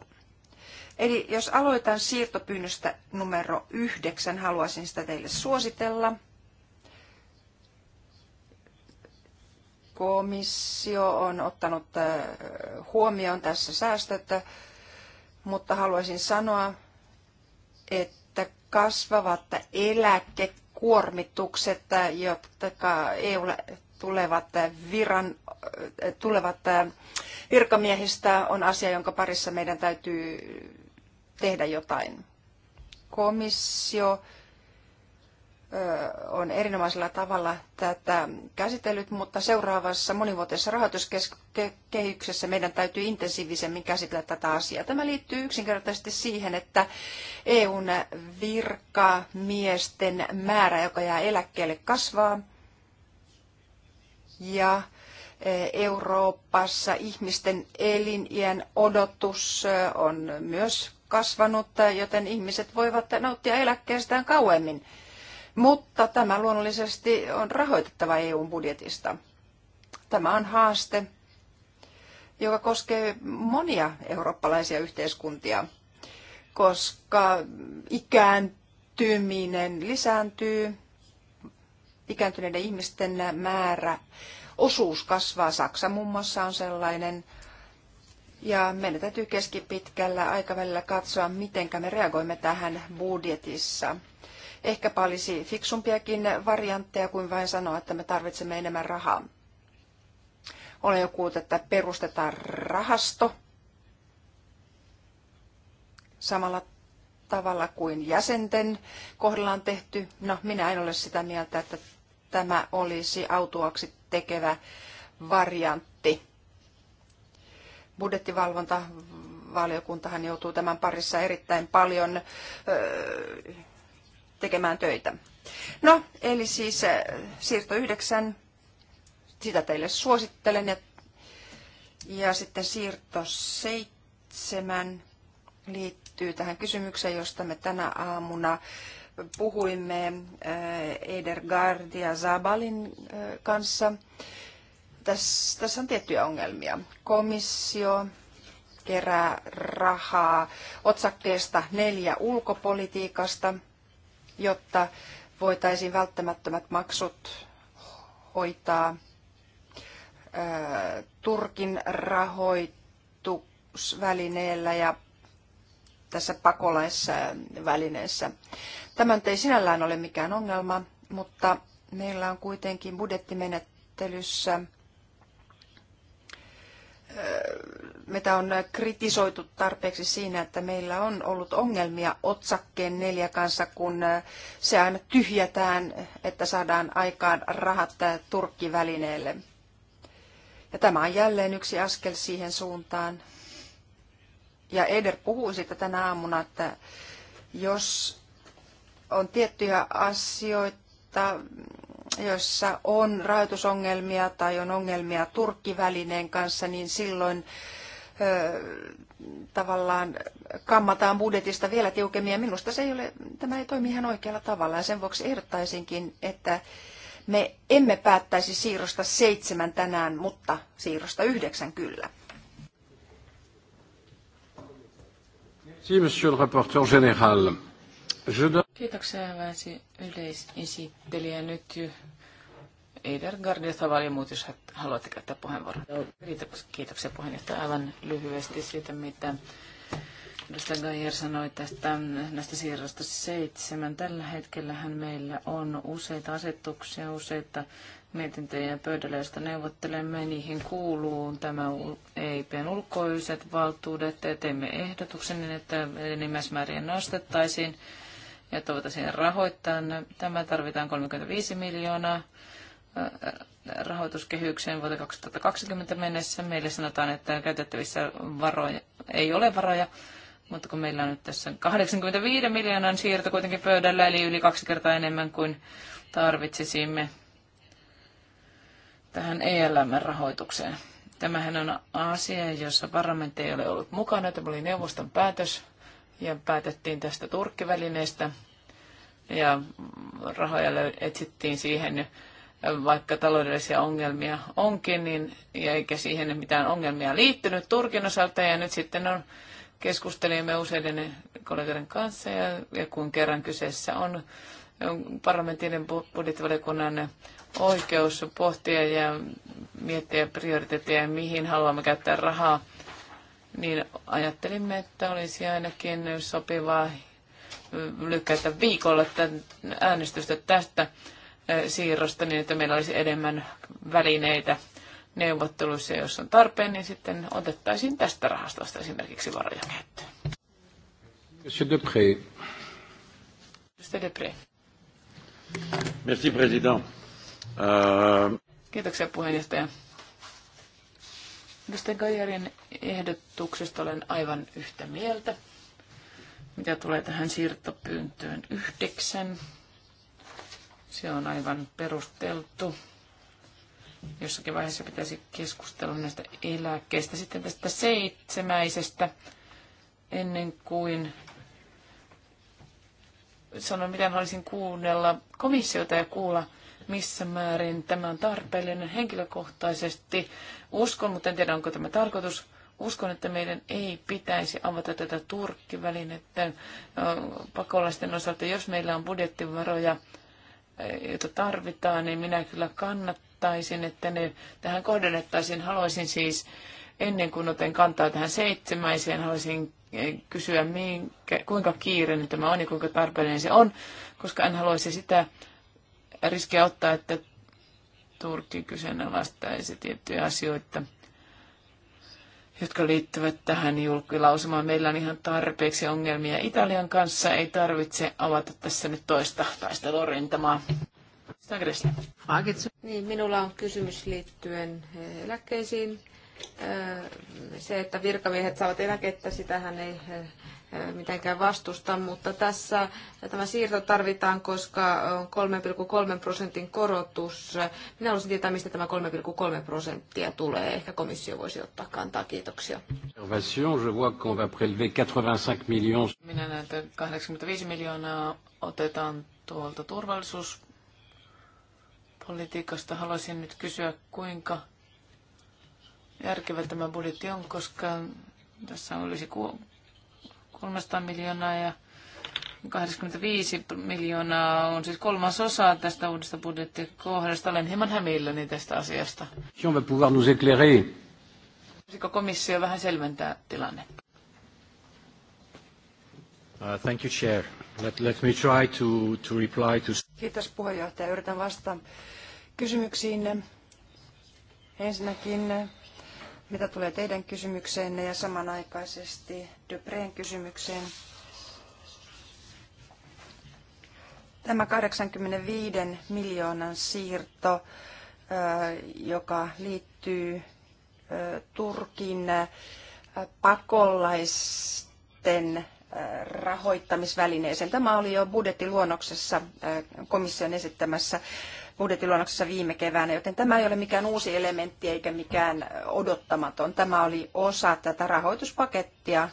Eli jos aloitan siirtopyynnöstä numero yhdeksän, haluaisin sitä teille suositella – komissio on ottanut äh, huomioon tässä säästöt, mutta haluaisin sanoa, että kasvavat eläkekuormitukset, jotka EUlle tulevat, viran, äh, tulevat äh, virkamiehistä, on asia, jonka parissa meidän täytyy tehdä jotain. Komissio on erinomaisella tavalla tätä käsitellyt, mutta seuraavassa monivuotisessa rahoituskehyksessä meidän täytyy intensiivisemmin käsitellä tätä asiaa. Tämä liittyy yksinkertaisesti siihen, että EUn virkamiesten määrä, joka jää eläkkeelle, kasvaa. Ja e, Euroopassa ihmisten elinien odotus e, on myös kasvanut, joten ihmiset voivat nauttia eläkkeestään kauemmin. Mutta tämä luonnollisesti on rahoitettava EUn budjetista. Tämä on haaste, joka koskee monia eurooppalaisia yhteiskuntia, koska ikääntyminen lisääntyy, ikääntyneiden ihmisten määrä, osuus kasvaa. Saksa muun muassa on sellainen. Ja meidän täytyy keskipitkällä aikavälillä katsoa, miten me reagoimme tähän budjetissa. Ehkäpä olisi fiksumpiakin variantteja kuin vain sanoa, että me tarvitsemme enemmän rahaa. Olen jo kuullut, että perustetaan rahasto samalla tavalla kuin jäsenten kohdalla on tehty. No, minä en ole sitä mieltä, että tämä olisi autuaksi tekevä variantti. Budjettivalvontavaliokuntahan joutuu tämän parissa erittäin paljon öö, tekemään töitä. No, eli siis eh, siirto yhdeksän, sitä teille suosittelen. Ja, ja sitten siirto seitsemän liittyy tähän kysymykseen, josta me tänä aamuna puhuimme eh, Edergard Zabalin eh, kanssa. Tässä, tässä on tiettyjä ongelmia. Komissio kerää rahaa otsakkeesta neljä ulkopolitiikasta – jotta voitaisiin välttämättömät maksut hoitaa Turkin rahoitusvälineellä ja tässä pakolaisvälineessä. Tämä ei sinällään ole mikään ongelma, mutta meillä on kuitenkin budjettimenettelyssä meitä on kritisoitu tarpeeksi siinä, että meillä on ollut ongelmia otsakkeen neljä kanssa, kun se aina tyhjätään, että saadaan aikaan rahat turkkivälineelle. Ja tämä on jälleen yksi askel siihen suuntaan. Ja Eder puhuu siitä tänä aamuna, että jos on tiettyjä asioita, joissa on rahoitusongelmia tai on ongelmia turkkivälineen kanssa, niin silloin tavallaan kammataan budjetista vielä tiukemmin. Ja minusta se ei ole, tämä ei toimi ihan oikealla tavalla ja sen vuoksi ehdottaisinkin, että me emme päättäisi siirrosta seitsemän tänään, mutta siirrosta yhdeksän kyllä. Merci, monsieur le rapporteur général. Kiitoksia väisi yleisesittelijä. Nyt Eider Gardista muut, jos haluatte käyttää puheenvuoron. Kiitoksia puheenjohtaja. Aivan lyhyesti siitä, mitä edustaja Gajer sanoi tästä näistä siirrosta seitsemän. Tällä hetkellähän meillä on useita asetuksia, useita mietintöjä pöydällä, joista neuvottelemme. Niihin kuuluu tämä EIPn ulkoiset valtuudet. teemme ehdotuksen, että enimmäismääriä nostettaisiin jotta voitaisiin rahoittaa. Tämä tarvitaan 35 miljoonaa rahoituskehykseen vuoteen 2020 mennessä. Meille sanotaan, että käytettävissä varoja, ei ole varoja, mutta kun meillä on nyt tässä 85 miljoonan siirto kuitenkin pöydällä, eli yli kaksi kertaa enemmän kuin tarvitsisimme tähän ELM-rahoitukseen. Tämähän on asia, jossa parlamentti ei ole ollut mukana. Tämä oli neuvoston päätös ja päätettiin tästä turkkivälineestä ja rahoja etsittiin siihen, vaikka taloudellisia ongelmia onkin, niin, eikä siihen mitään ongelmia liittynyt Turkin osalta, ja nyt sitten on, keskustelimme useiden kollegoiden kanssa, ja, ja kun kerran kyseessä on parlamentin budjettivaliokunnan oikeus pohtia ja miettiä prioriteetteja, mihin haluamme käyttää rahaa, niin ajattelimme, että olisi ainakin sopivaa lykätä viikolla äänestystä tästä siirrosta niin, että meillä olisi enemmän välineitä neuvotteluissa, jos on tarpeen, niin sitten otettaisiin tästä rahastosta esimerkiksi varoja käyttöön. Monsieur Depré. Monsieur Depré. Merci, président. Uh... Kiitoksia puheenjohtaja. Edustaja Gajarin ehdotuksesta olen aivan yhtä mieltä. Mitä tulee tähän siirtopyyntöön yhdeksän, se on aivan perusteltu. Jossakin vaiheessa pitäisi keskustella näistä eläkkeistä. Sitten tästä seitsemäisestä, ennen kuin sanon, miten olisin kuunnella komissiota ja kuulla missä määrin tämä on tarpeellinen henkilökohtaisesti. Uskon, mutta en tiedä onko tämä tarkoitus. Uskon, että meidän ei pitäisi avata tätä turkkivälinettä pakolaisten osalta. Jos meillä on budjettivaroja, joita tarvitaan, niin minä kyllä kannattaisin, että ne tähän kohdennettaisiin. Haluaisin siis, ennen kuin otan kantaa tähän seitsemäiseen, haluaisin kysyä, minkä, kuinka kiireinen tämä on ja kuinka tarpeellinen se on, koska en haluaisi sitä riskejä ottaa, että Turkki kyseenalaistaisi tiettyjä asioita, jotka liittyvät tähän julkilausumaan. Meillä on ihan tarpeeksi ongelmia Italian kanssa. Ei tarvitse avata tässä nyt toista taistelurintamaa. Niin, minulla on kysymys liittyen eh, eläkkeisiin. Eh, se, että virkamiehet saavat eläkettä, sitähän ei eh, mitenkään vastusta, mutta tässä tämä siirto tarvitaan, koska on 3,3 prosentin korotus. Minä haluaisin tietää, mistä tämä 3,3 prosenttia tulee. Ehkä komissio voisi ottaa kantaa. Kiitoksia. Minä näen, että 85 miljoonaa otetaan tuolta turvallisuuspolitiikasta. Haluaisin nyt kysyä, kuinka järkevä tämä budjetti on, koska tässä olisi 300 miljoonaa ja 85 miljoonaa on siis kolmas osa tästä uudesta budjettikohdasta. Olen hieman hämilläni tästä asiasta. On va pouvoir nous éclairer. Voisiko komissio vähän selventää tilanne? Uh, thank you, Chair. Let, let me try to, to reply to... Kiitos puheenjohtaja. Yritän vastata kysymyksiin, Ensinnäkin mitä tulee teidän kysymykseenne ja samanaikaisesti Dupreen kysymykseen. Tämä 85 miljoonan siirto, joka liittyy Turkin pakolaisten rahoittamisvälineeseen. Tämä oli jo budjettiluonnoksessa komission esittämässä budjettiluonnoksessa viime keväänä, joten tämä ei ole mikään uusi elementti eikä mikään odottamaton. Tämä oli osa tätä rahoituspakettia,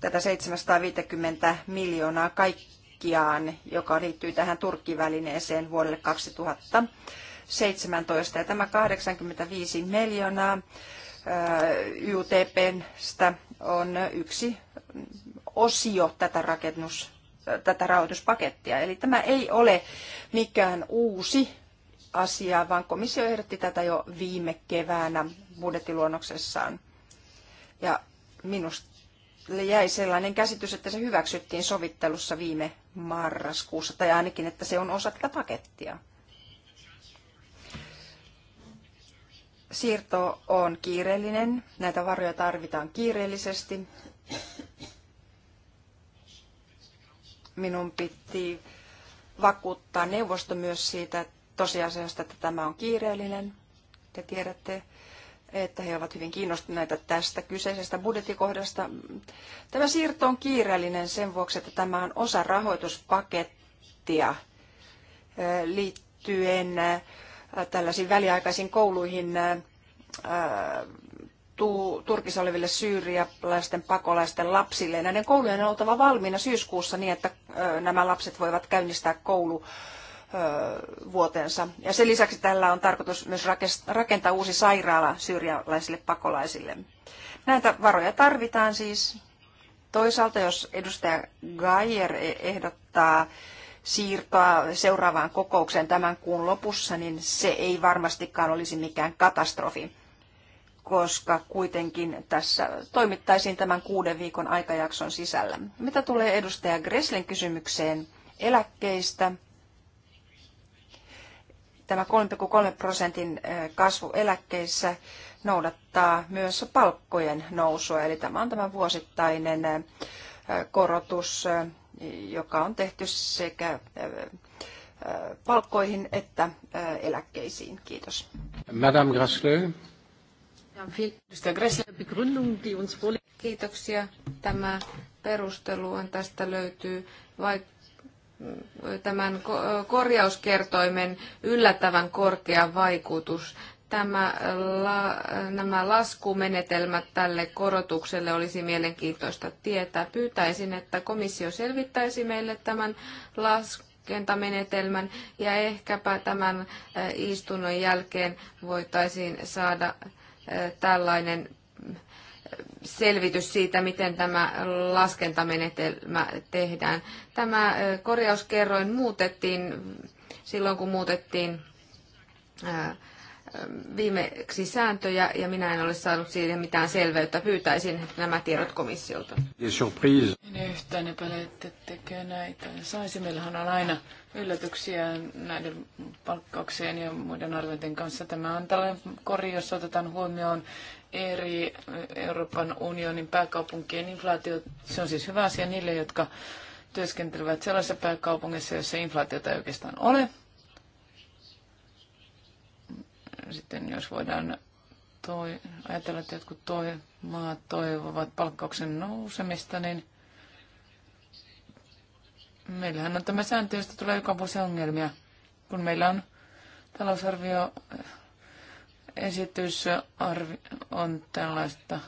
tätä 750 miljoonaa kaikkiaan, joka liittyy tähän Turkki-välineeseen vuodelle 2017. Ja tämä 85 miljoonaa UTPstä on yksi osio tätä rakennus tätä rahoituspakettia. Eli tämä ei ole mikään uusi asia, vaan komissio ehdotti tätä jo viime keväänä budjettiluonnoksessaan. Ja minusta jäi sellainen käsitys, että se hyväksyttiin sovittelussa viime marraskuussa, tai ainakin, että se on osa tätä pakettia. Siirto on kiireellinen, näitä varoja tarvitaan kiireellisesti, minun piti vakuuttaa neuvosto myös siitä tosiasiasta, että tämä on kiireellinen. Te tiedätte, että he ovat hyvin kiinnostuneita tästä kyseisestä budjettikohdasta. Tämä siirto on kiireellinen sen vuoksi, että tämä on osa rahoituspakettia eh, liittyen eh, tällaisiin väliaikaisiin kouluihin eh, tapahtuu Turkissa oleville syyrialaisten pakolaisten lapsille. Näiden koulujen on oltava valmiina syyskuussa niin, että nämä lapset voivat käynnistää koulu vuotensa. Ja sen lisäksi tällä on tarkoitus myös rakentaa uusi sairaala syyrialaisille pakolaisille. Näitä varoja tarvitaan siis. Toisaalta, jos edustaja Gaier e- ehdottaa siirtoa seuraavaan kokoukseen tämän kuun lopussa, niin se ei varmastikaan olisi mikään katastrofi koska kuitenkin tässä toimittaisiin tämän kuuden viikon aikajakson sisällä. Mitä tulee edustaja Greslin kysymykseen eläkkeistä, tämä 3,3 prosentin kasvu eläkkeissä noudattaa myös palkkojen nousua, eli tämä on tämä vuosittainen korotus, joka on tehty sekä palkkoihin että eläkkeisiin. Kiitos. Madame Grasslö. Kiitoksia. Tämä perustelu on tästä löytyy vaikka tämän korjauskertoimen yllättävän korkea vaikutus. Tämä, la, nämä laskumenetelmät tälle korotukselle olisi mielenkiintoista tietää. Pyytäisin, että komissio selvittäisi meille tämän laskentamenetelmän ja ehkäpä tämän eh, istunnon jälkeen voitaisiin saada tällainen selvitys siitä, miten tämä laskentamenetelmä tehdään. Tämä korjauskerroin muutettiin silloin, kun muutettiin viimeksi sääntöjä ja minä en ole saanut siihen mitään selveyttä. Pyytäisin nämä tiedot komissiolta. En yhtään epäile, että näitä saisi. Meillähän on aina yllätyksiä näiden palkkaukseen ja muiden arviointien kanssa. Tämä on tällainen kori, jossa otetaan huomioon eri Euroopan unionin pääkaupunkien inflaatio. Se on siis hyvä asia niille, jotka työskentelevät sellaisessa pääkaupungissa, jossa inflaatiota ei oikeastaan ole sitten jos voidaan toi, ajatella, että jotkut toi, maat toivovat palkkauksen nousemista, niin meillähän on tämä sääntö, josta tulee joka vuosi ongelmia. Kun meillä on talousarvio esitys on tällaista,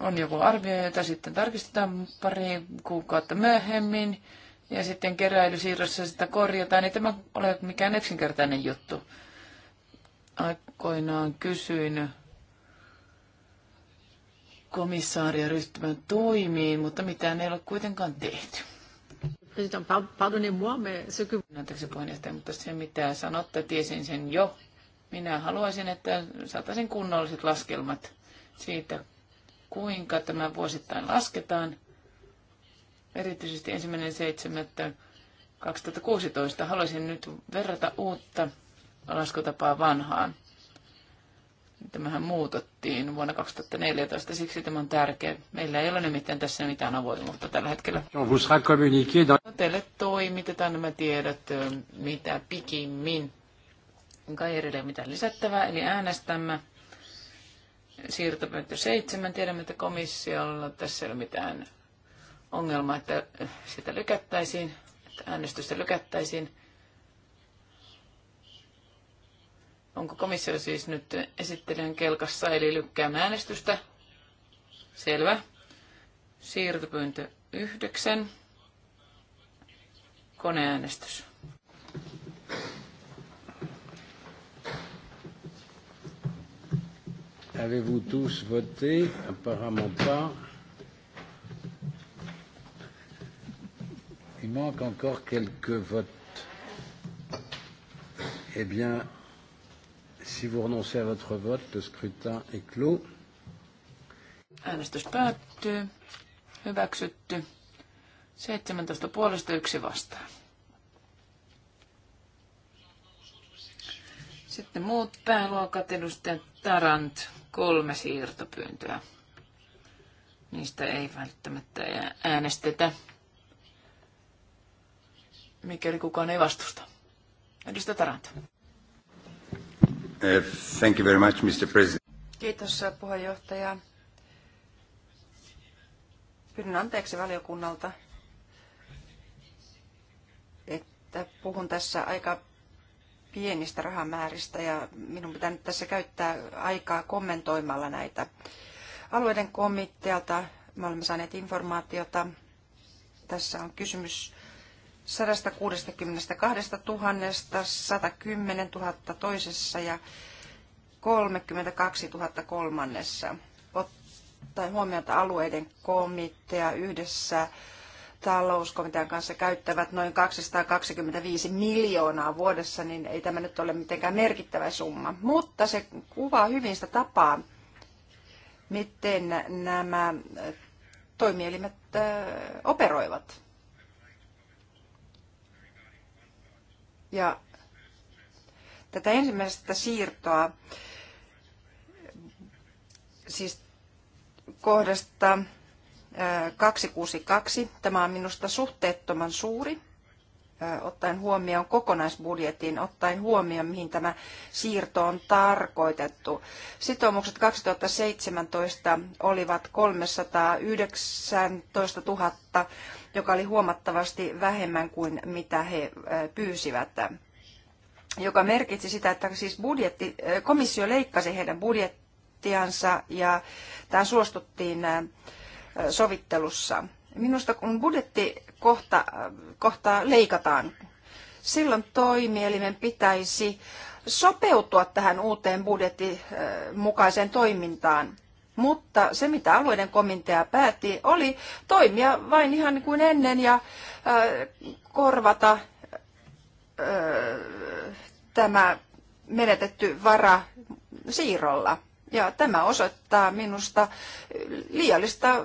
on joku arvio, jota sitten tarkistetaan pari kuukautta myöhemmin ja sitten keräilysiirrossa sitä korjataan, niin tämä ole mikään yksinkertainen juttu aikoinaan kysyin komissaaria ryhtymään toimiin, mutta mitään ei ole kuitenkaan tehty. moi Anteeksi puheenjohtaja, mutta se mitä sanotte, tiesin sen jo. Minä haluaisin, että saataisiin kunnolliset laskelmat siitä, kuinka tämä vuosittain lasketaan. Erityisesti ensimmäinen 7.2016 haluaisin nyt verrata uutta laskutapaa vanhaan. Tämähän muutettiin vuonna 2014, siksi tämä on tärkeä. Meillä ei ole nimittäin tässä mitään avoimuutta tällä hetkellä. No, teille toimitetaan nämä tiedot mitä pikimmin. Kai ei mitään lisättävää, eli äänestämme Siirtopäätö 7. Tiedämme, että komissiolla tässä ei ole mitään ongelmaa, että sitä lykättäisiin, että äänestystä lykättäisiin. Onko komissio siis nyt esittelijän kelkassa, eli lykkäämme äänestystä? Selvä. Siirtopyyntö 9. Koneäänestys. Avez-vous tous voté Apparemment pas. Il manque encore quelques votes. Eh bien, Si vous renoncez à votre vote, le scrutin est clos. Äänestys päättyy. Hyväksytty. 17 puolesta yksi vastaan. Sitten muut pääluokat edustajat Tarant, kolme siirtopyyntöä. Niistä ei välttämättä äänestetä, mikäli kukaan ei vastusta. Edustaja Tarant. Uh, thank you very much, Mr. President. Kiitos äh, puheenjohtaja. Pyydän anteeksi valiokunnalta, että puhun tässä aika pienistä rahamääristä ja minun pitää nyt tässä käyttää aikaa kommentoimalla näitä. Alueiden komitealta me olemme saaneet informaatiota. Tässä on kysymys 162 000, 110 000 toisessa ja 32 000 kolmannessa. Ottaen huomioon, että alueiden komitea yhdessä talouskomitean kanssa käyttävät noin 225 miljoonaa vuodessa, niin ei tämä nyt ole mitenkään merkittävä summa. Mutta se kuvaa hyvin sitä tapaa, miten nämä toimielimet operoivat. Ja tätä ensimmäistä siirtoa, siis kohdasta 262, tämä on minusta suhteettoman suuri ottaen huomioon kokonaisbudjetin, ottaen huomioon, mihin tämä siirto on tarkoitettu. Sitoumukset 2017 olivat 319 000, joka oli huomattavasti vähemmän kuin mitä he pyysivät joka merkitsi sitä, että siis budjetti, komissio leikkasi heidän budjettiansa ja tämä suostuttiin sovittelussa. Minusta kun kohta, kohtaa leikataan, silloin toimielimen pitäisi sopeutua tähän uuteen budjetin mukaiseen toimintaan. Mutta se, mitä alueiden komitea päätti, oli toimia vain ihan kuin ennen ja äh, korvata äh, tämä menetetty vara siirrolla. Ja tämä osoittaa minusta liiallista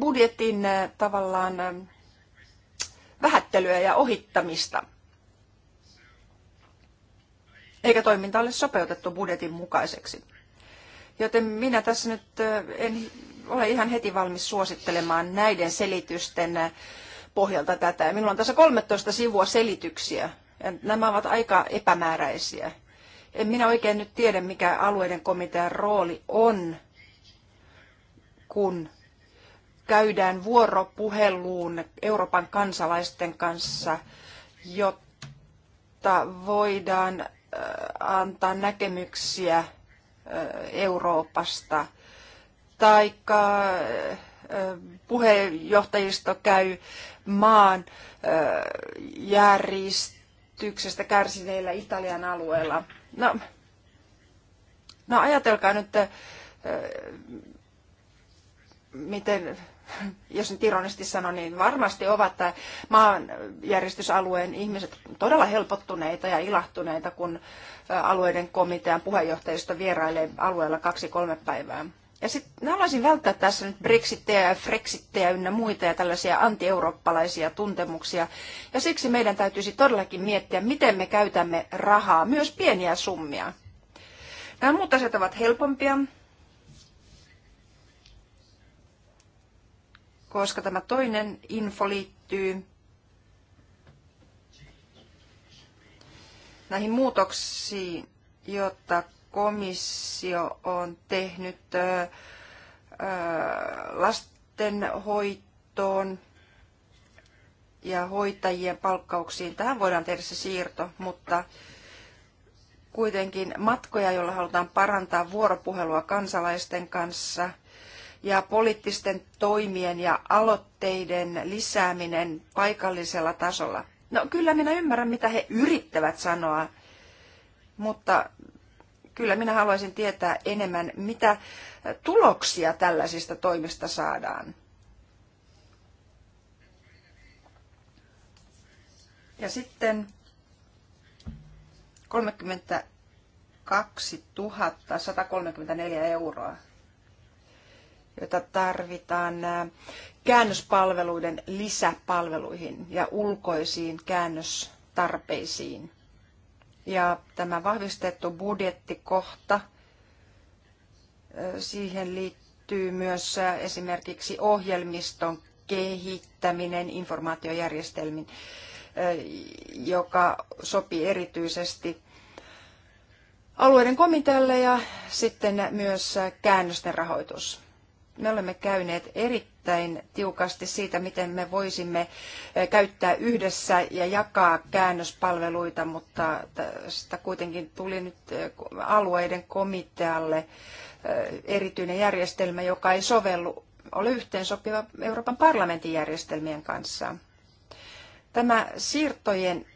budjetin eh, tavallaan eh, vähättelyä ja ohittamista. Eikä toiminta ole sopeutettu budjetin mukaiseksi. Joten minä tässä nyt eh, en ole ihan heti valmis suosittelemaan näiden selitysten pohjalta tätä. minulla on tässä 13 sivua selityksiä. Ja nämä ovat aika epämääräisiä. En minä oikein nyt tiedä, mikä alueiden komitean rooli on, kun käydään vuoropuheluun Euroopan kansalaisten kanssa, jotta voidaan antaa näkemyksiä Euroopasta. Taikka puheenjohtajisto käy maan järjestyksestä kärsineillä Italian alueella. No, no ajatelkaa nyt, miten jos nyt ironisesti sanon, niin varmasti ovat maanjärjestysalueen ihmiset todella helpottuneita ja ilahtuneita, kun alueiden komitean puheenjohtajista vierailee alueella kaksi-kolme päivää. Ja sitten haluaisin välttää tässä nyt brexittejä ja freksittejä ynnä muita ja tällaisia antieurooppalaisia tuntemuksia. Ja siksi meidän täytyisi todellakin miettiä, miten me käytämme rahaa, myös pieniä summia. Nämä muut asiat ovat helpompia, koska tämä toinen info liittyy näihin muutoksiin, jotta komissio on tehnyt lastenhoitoon ja hoitajien palkkauksiin. Tähän voidaan tehdä se siirto, mutta kuitenkin matkoja, joilla halutaan parantaa vuoropuhelua kansalaisten kanssa, ja poliittisten toimien ja aloitteiden lisääminen paikallisella tasolla. No kyllä minä ymmärrän, mitä he yrittävät sanoa, mutta kyllä minä haluaisin tietää enemmän, mitä tuloksia tällaisista toimista saadaan. Ja sitten 32 134 euroa jota tarvitaan käännöspalveluiden lisäpalveluihin ja ulkoisiin käännöstarpeisiin. Ja tämä vahvistettu budjettikohta, siihen liittyy myös esimerkiksi ohjelmiston kehittäminen informaatiojärjestelmin, joka sopii erityisesti alueiden komitealle ja sitten myös käännösten rahoitus me olemme käyneet erittäin tiukasti siitä, miten me voisimme eh, käyttää yhdessä ja jakaa käännöspalveluita, mutta sitä kuitenkin tuli nyt eh, alueiden komitealle eh, erityinen järjestelmä, joka ei sovellu ole yhteensopiva Euroopan parlamentin järjestelmien kanssa. Tämä siirtojen,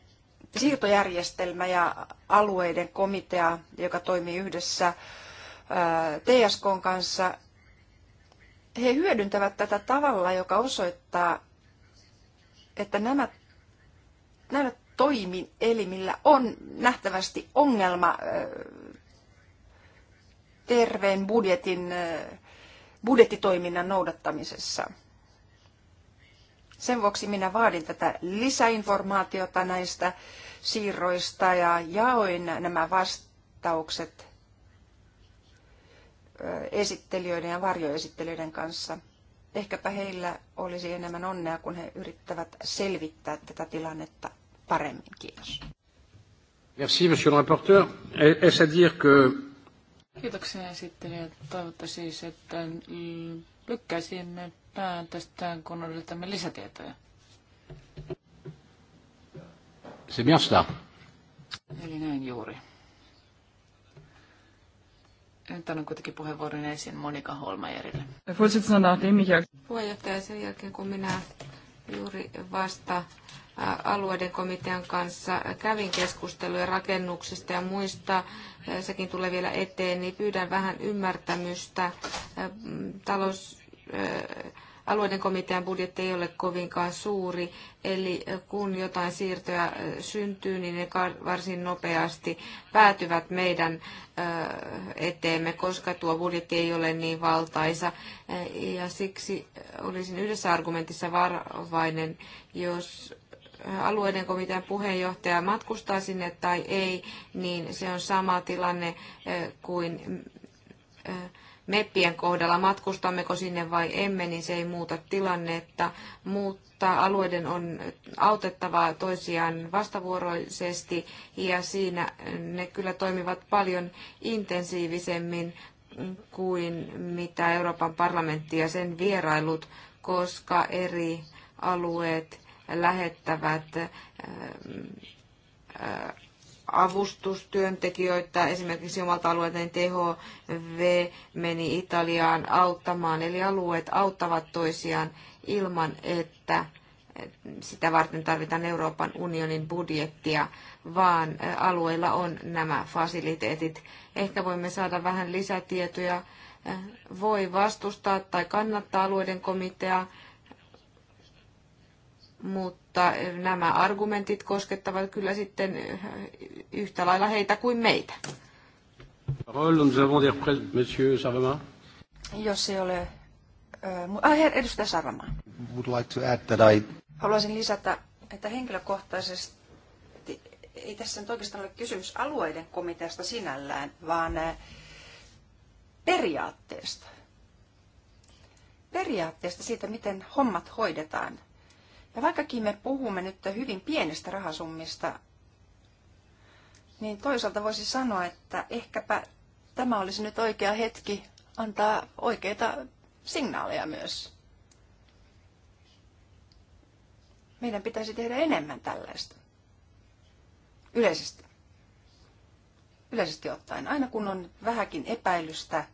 siirtojärjestelmä ja alueiden komitea, joka toimii yhdessä TSK kanssa, he hyödyntävät tätä tavalla, joka osoittaa, että nämä, nämä toimielimillä on nähtävästi ongelma terveen budjetin, budjettitoiminnan noudattamisessa. Sen vuoksi minä vaadin tätä lisäinformaatiota näistä siirroista ja jaoin nämä vastaukset esittelijöiden ja varjoesittelijöiden kanssa. Ehkäpä heillä olisi enemmän onnea, kun he yrittävät selvittää tätä tilannetta paremmin. Kiitos. Merci, monsieur le rapporteur. Est-ce à dire que... Kiitoksia esittelijä. Toivottavasti siis, että lykkäisimme päätöstään, kun odotamme lisätietoja. C'est bien cela. Eli näin juuri. Nyt kuitenkin puheenvuoron ensin Monika Holmajerille. Puheenjohtaja sen jälkeen, kun minä juuri vasta alueiden komitean kanssa kävin keskusteluja rakennuksista ja muista, sekin tulee vielä eteen, niin pyydän vähän ymmärtämystä talous alueiden komitean budjetti ei ole kovinkaan suuri, eli kun jotain siirtoja syntyy, niin ne varsin nopeasti päätyvät meidän eteemme, koska tuo budjetti ei ole niin valtaisa. Ja siksi olisin yhdessä argumentissa varovainen, jos alueiden komitean puheenjohtaja matkustaa sinne tai ei, niin se on sama tilanne kuin meppien kohdalla, matkustammeko sinne vai emme, niin se ei muuta tilannetta, mutta alueiden on autettava toisiaan vastavuoroisesti ja siinä ne kyllä toimivat paljon intensiivisemmin kuin mitä Euroopan parlamentti ja sen vierailut, koska eri alueet lähettävät ähm, äh, avustustyöntekijöitä. Esimerkiksi omalta alueeltani THV meni Italiaan auttamaan, eli alueet auttavat toisiaan ilman, että sitä varten tarvitaan Euroopan unionin budjettia, vaan alueilla on nämä fasiliteetit. Ehkä voimme saada vähän lisätietoja. Voi vastustaa tai kannattaa alueiden komitea mutta nämä argumentit koskettavat kyllä sitten yhtä lailla heitä kuin meitä. Jos ei ole... Äh, ah, edustaja Sarvamaa. Would like to add that I... Haluaisin lisätä, että henkilökohtaisesti ei tässä nyt oikeastaan ole kysymys alueiden komiteasta sinällään, vaan äh, periaatteesta. Periaatteesta siitä, miten hommat hoidetaan – ja vaikkakin me puhumme nyt hyvin pienestä rahasummista, niin toisaalta voisi sanoa, että ehkäpä tämä olisi nyt oikea hetki antaa oikeita signaaleja myös. Meidän pitäisi tehdä enemmän tällaista. Yleisesti. Yleisesti ottaen, aina kun on vähäkin epäilystä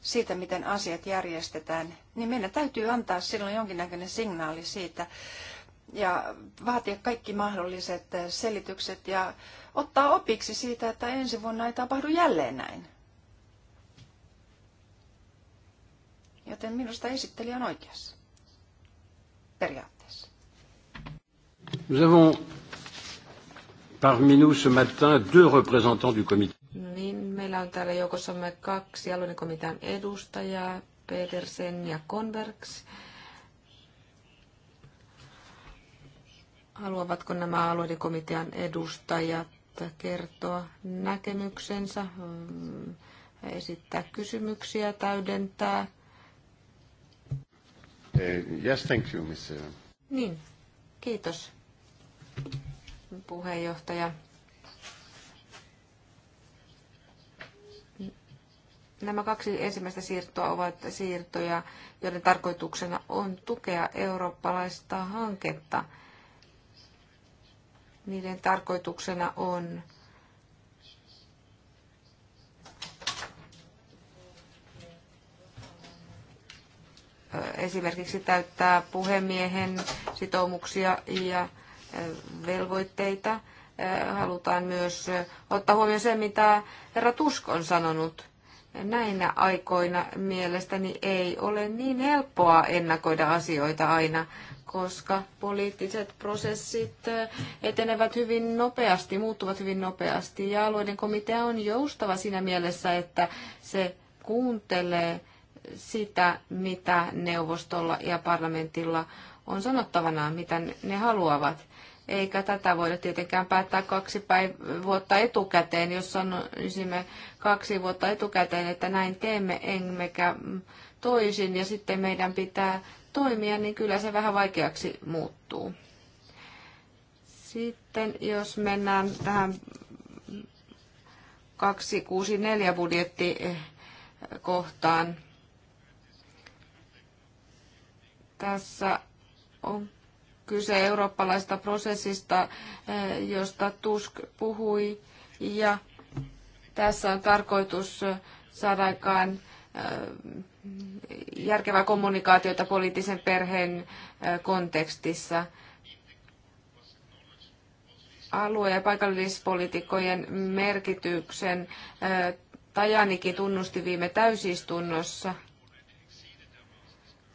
siitä, miten asiat järjestetään, niin meidän täytyy antaa silloin jonkinnäköinen signaali siitä ja vaatia kaikki mahdolliset eh, selitykset ja ottaa opiksi siitä, että ensi vuonna ei tapahdu jälleen näin. Joten minusta esittelijä on oikeassa periaatteessa. Nous avons parmi nous ce matin deux représentants du comité. Meillä on täällä joukossamme kaksi alueiden komitean edustajaa, Pedersen ja Konverks. Haluavatko nämä alueiden komitean edustajat kertoa näkemyksensä, mm, esittää kysymyksiä, täydentää? Eh, yes, thank you, miss. Niin, kiitos puheenjohtaja. Nämä kaksi ensimmäistä siirtoa ovat siirtoja, joiden tarkoituksena on tukea eurooppalaista hanketta. Niiden tarkoituksena on esimerkiksi täyttää puhemiehen sitoumuksia ja velvoitteita. Halutaan myös ottaa huomioon se, mitä herra Tusk on sanonut näinä aikoina mielestäni ei ole niin helppoa ennakoida asioita aina, koska poliittiset prosessit etenevät hyvin nopeasti, muuttuvat hyvin nopeasti ja alueiden komitea on joustava siinä mielessä, että se kuuntelee sitä, mitä neuvostolla ja parlamentilla on sanottavana, mitä ne haluavat eikä tätä voida tietenkään päättää kaksi päiv- vuotta etukäteen. Jos sanoisimme kaksi vuotta etukäteen, että näin teemme, emmekä toisin, ja sitten meidän pitää toimia, niin kyllä se vähän vaikeaksi muuttuu. Sitten jos mennään tähän 264 eh, kohtaan, Tässä on kyse eurooppalaista prosessista, eh, josta Tusk puhui. Ja tässä on tarkoitus eh, saada aikaan eh, järkevää kommunikaatiota poliittisen perheen kontekstissa. Alue- ja paikallispolitiikkojen merkityksen Tajanikin tunnusti viime täysistunnossa.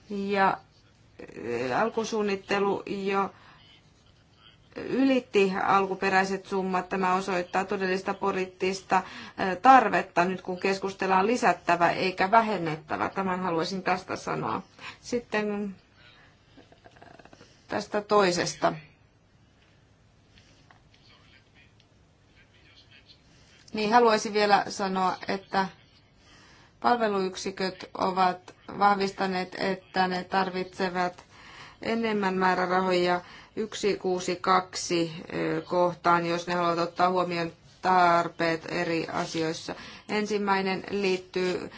Ja alkusuunnittelu jo ylitti alkuperäiset summat. Tämä osoittaa todellista poliittista tarvetta nyt, kun keskustellaan lisättävä eikä vähennettävä. Tämän haluaisin tästä sanoa. Sitten tästä toisesta. Niin, haluaisin vielä sanoa, että Palveluyksiköt ovat vahvistaneet, että ne tarvitsevat enemmän määrärahoja 162 kohtaan, jos ne haluavat ottaa huomioon tarpeet eri asioissa. Ensimmäinen liittyy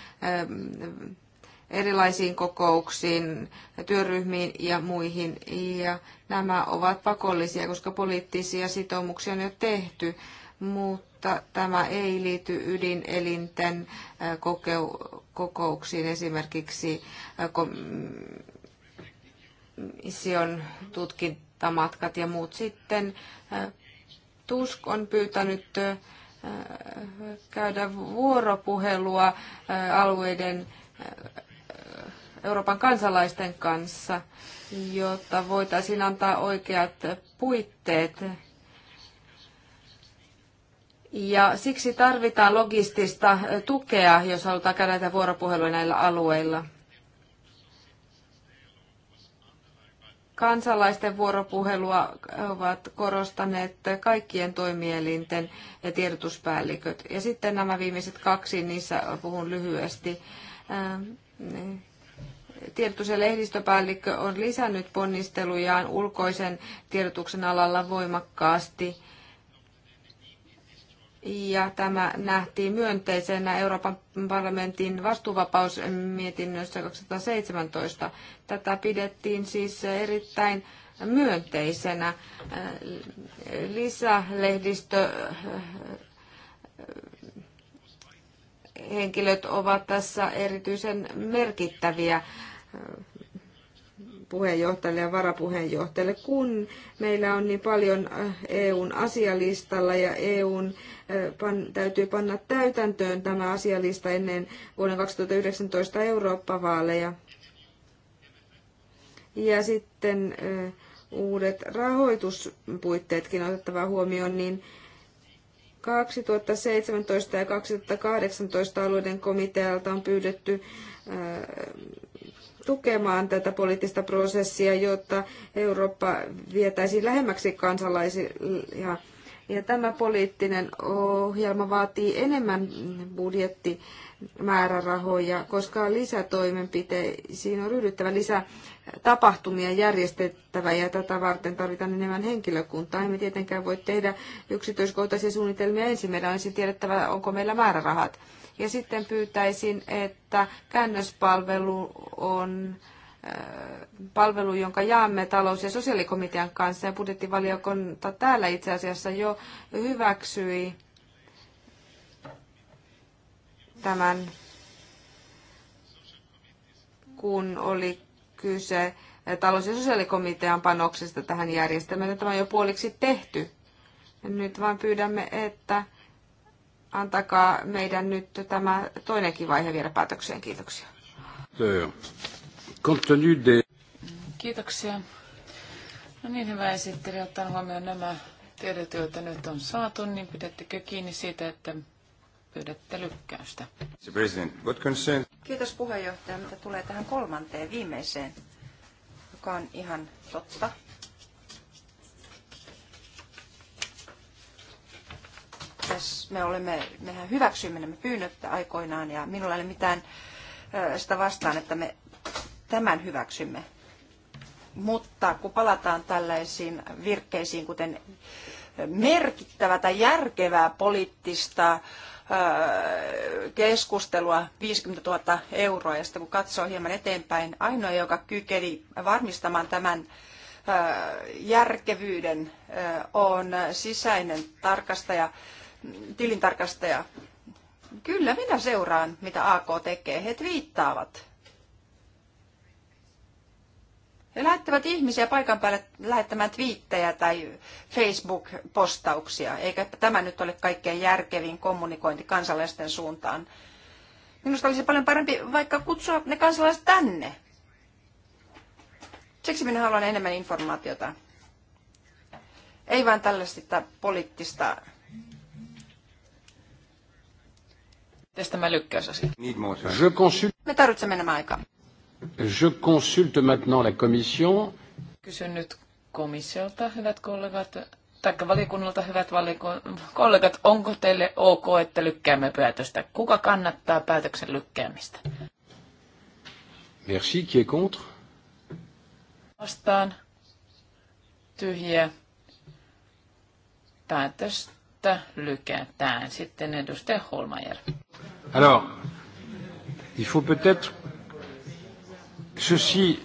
erilaisiin kokouksiin, työryhmiin ja muihin. Ja nämä ovat pakollisia, koska poliittisia sitoumuksia on jo tehty mutta tämä ei liity ydinelinten kokouksiin esimerkiksi mission tutkintamatkat ja muut sitten. Tusk on pyytänyt käydä vuoropuhelua alueiden Euroopan kansalaisten kanssa, jotta voitaisiin antaa oikeat puitteet ja siksi tarvitaan logistista tukea, jos halutaan käydä vuoropuhelua näillä alueilla. Kansalaisten vuoropuhelua ovat korostaneet kaikkien toimielinten ja tiedotuspäälliköt. Ja sitten nämä viimeiset kaksi, niissä puhun lyhyesti. Ähm, tiedotus- ja lehdistöpäällikkö on lisännyt ponnistelujaan ulkoisen tiedotuksen alalla voimakkaasti – ja tämä nähtiin myönteisenä Euroopan parlamentin vastuuvapausmietinnössä 2017. Tätä pidettiin siis erittäin myönteisenä. Lisälehdistö henkilöt ovat tässä erityisen merkittäviä puheenjohtajalle ja varapuheenjohtajalle, kun meillä on niin paljon äh, EUn asialistalla ja EUn äh, pan, täytyy panna täytäntöön tämä asialista ennen vuoden 2019 Eurooppa-vaaleja. Ja sitten äh, uudet rahoituspuitteetkin otettava huomioon, niin 2017 ja 2018 alueiden komitealta on pyydetty tukemaan tätä poliittista prosessia, jotta Eurooppa vietäisiin lähemmäksi kansalaisia. Ja tämä poliittinen ohjelma vaatii enemmän budjettimäärärahoja, koska lisätoimenpiteisiin on ryhdyttävä lisää tapahtumia järjestettävä ja tätä varten tarvitaan enemmän henkilökuntaa. Emme tietenkään voi tehdä yksityiskohtaisia suunnitelmia ensin. Meidän olisi tiedettävä, onko meillä määrärahat. Ja sitten pyytäisin, että käännöspalvelu on äh, palvelu, jonka jaamme talous- ja sosiaalikomitean kanssa, ja budjettivaliokunta täällä itse asiassa jo hyväksyi tämän, kun oli kyse talous- ja sosiaalikomitean panoksesta tähän järjestelmään. Tämä on jo puoliksi tehty. Nyt vain pyydämme, että antakaa meidän nyt tämä toinenkin vaihe vielä päätökseen. Kiitoksia. Kiitoksia. No niin, hyvä esittely. Otan huomioon nämä tiedot, joita nyt on saatu, niin pidättekö kiinni siitä, että pyydätte lykkäystä? Kiitos puheenjohtaja, mitä tulee tähän kolmanteen viimeiseen, joka on ihan totta. tässä me olemme, mehän hyväksymme nämä pyynnöt aikoinaan ja minulla ei ole mitään sitä vastaan, että me tämän hyväksymme. Mutta kun palataan tällaisiin virkkeisiin, kuten merkittävä tai järkevää poliittista keskustelua 50 000 euroa ja sitten kun katsoo hieman eteenpäin, ainoa joka kykeli varmistamaan tämän järkevyyden on sisäinen tarkastaja tilintarkastaja. Kyllä minä seuraan, mitä AK tekee. He viittaavat. He lähettävät ihmisiä paikan päälle lähettämään twiittejä tai Facebook-postauksia, eikä tämä nyt ole kaikkein järkevin kommunikointi kansalaisten suuntaan. Minusta olisi paljon parempi vaikka kutsua ne kansalaiset tänne. Siksi minä haluan enemmän informaatiota. Ei vain tällaista poliittista Tästä mä lykkäysasia? Je consulte... Me tarvitsemme enemmän aikaa. Je consulte maintenant la commission. Kysyn nyt komissiolta, hyvät kollegat, tai valiokunnalta, hyvät valiko- kollegat, onko teille ok, että lykkäämme päätöstä? Kuka kannattaa päätöksen lykkäämistä? Merci, qui est contre? Vastaan. tyhjä Päätös että lykätään. Sitten edustaja Holmajer. Alors, il faut peut-être ceci.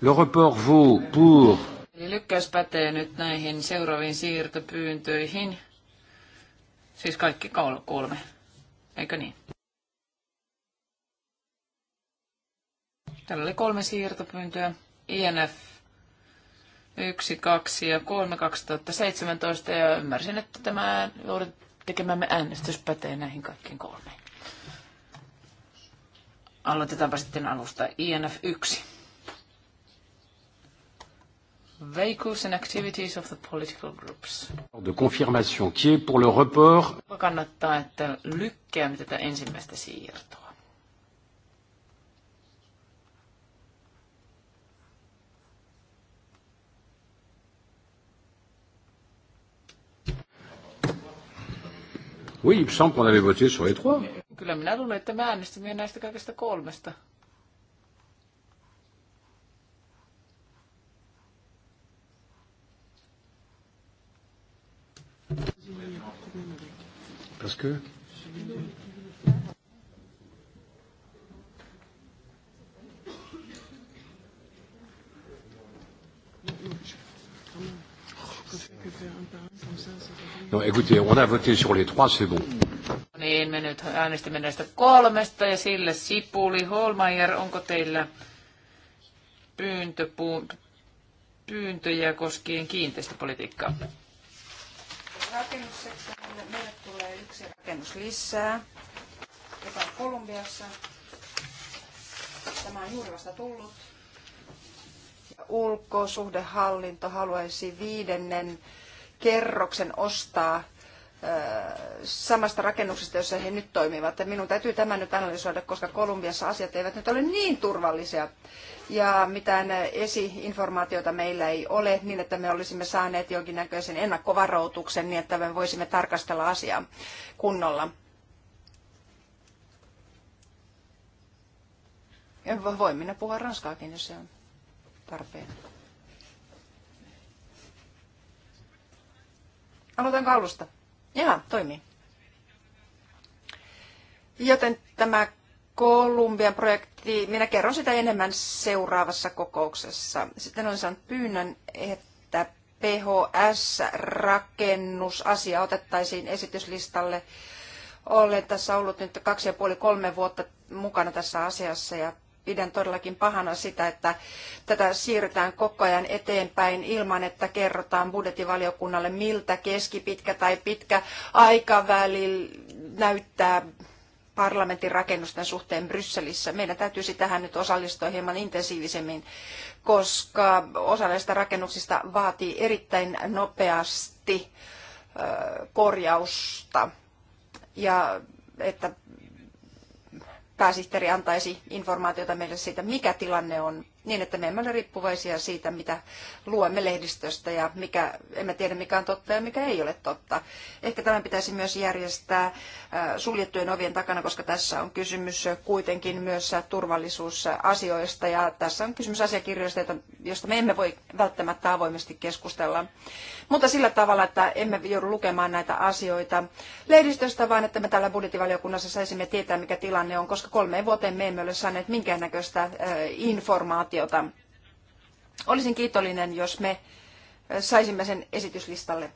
Le report vaut pour... Eli lykkäys pätee nyt näihin seuraaviin siirtopyyntöihin. Siis kaikki kolme, eikö niin? Täällä oli kolme siirtopyyntöä. INF 1, 2 ja 3 2017 ja ymmärsin, että tämä joudut tekemämme äänestys pätee näihin kaikkiin kolmeen. Aloitetaanpa sitten alusta. INF 1. Vehicles and activities of the political groups. De confirmation qui est pour le report. Kannattaa, että lykkäämme tätä ensimmäistä siirtoa. Oui, il me semble qu'on avait voté sur les trois. Kyllä minä luulen, että me äänestimme näistä kaikista kolmesta. Parce que No écoutez, on a voté sur les trois, c'est bon. Niin, me nyt äänestimme näistä kolmesta ja sille Sipuli, Holmeier, onko teillä pyyntö, pyyntöjä koskien kiinteistöpolitiikkaa? Rakennussektorille meille tulee yksi rakennus lisää, joka on Kolumbiassa. Tämä on juuri vasta tullut. Ulkosuhdehallinto haluaisi viidennen kerroksen ostaa samasta rakennuksesta, jossa he nyt toimivat. minun täytyy tämä nyt analysoida, koska Kolumbiassa asiat eivät nyt ole niin turvallisia. Ja mitään esiinformaatiota meillä ei ole niin, että me olisimme saaneet jonkinnäköisen ennakkovaroituksen niin, että me voisimme tarkastella asiaa kunnolla. Voin minä puhua ranskaakin, jos se on tarpeen. Aloitanko alusta? Jaa, toimii. Joten tämä Kolumbian projekti, minä kerron sitä enemmän seuraavassa kokouksessa. Sitten olen saanut pyynnön, että PHS-rakennusasia otettaisiin esityslistalle. Olen tässä ollut nyt kaksi ja puoli kolme vuotta mukana tässä asiassa ja pidän todellakin pahana sitä, että tätä siirretään koko ajan eteenpäin ilman, että kerrotaan budjettivaliokunnalle, miltä keskipitkä tai pitkä aikaväli näyttää parlamentin rakennusten suhteen Brysselissä. Meidän täytyisi tähän nyt osallistua hieman intensiivisemmin, koska osa näistä rakennuksista vaatii erittäin nopeasti korjausta ja että pääsihteeri antaisi informaatiota meille siitä, mikä tilanne on niin, että me emme ole riippuvaisia siitä, mitä luemme lehdistöstä ja mikä, emme tiedä mikä on totta ja mikä ei ole totta. Ehkä tämän pitäisi myös järjestää suljettujen ovien takana, koska tässä on kysymys kuitenkin myös turvallisuusasioista ja tässä on kysymys asiakirjoista, joista me emme voi välttämättä avoimesti keskustella. Mutta sillä tavalla, että emme joudu lukemaan näitä asioita lehdistöstä, vaan että me täällä budjettivaliokunnassa saisimme tietää, mikä tilanne on, koska kolmeen vuoteen me emme ole saaneet minkäännäköistä informaatiota informaatiota. Olisin kiitollinen, jos me saisimme sen esityslistalle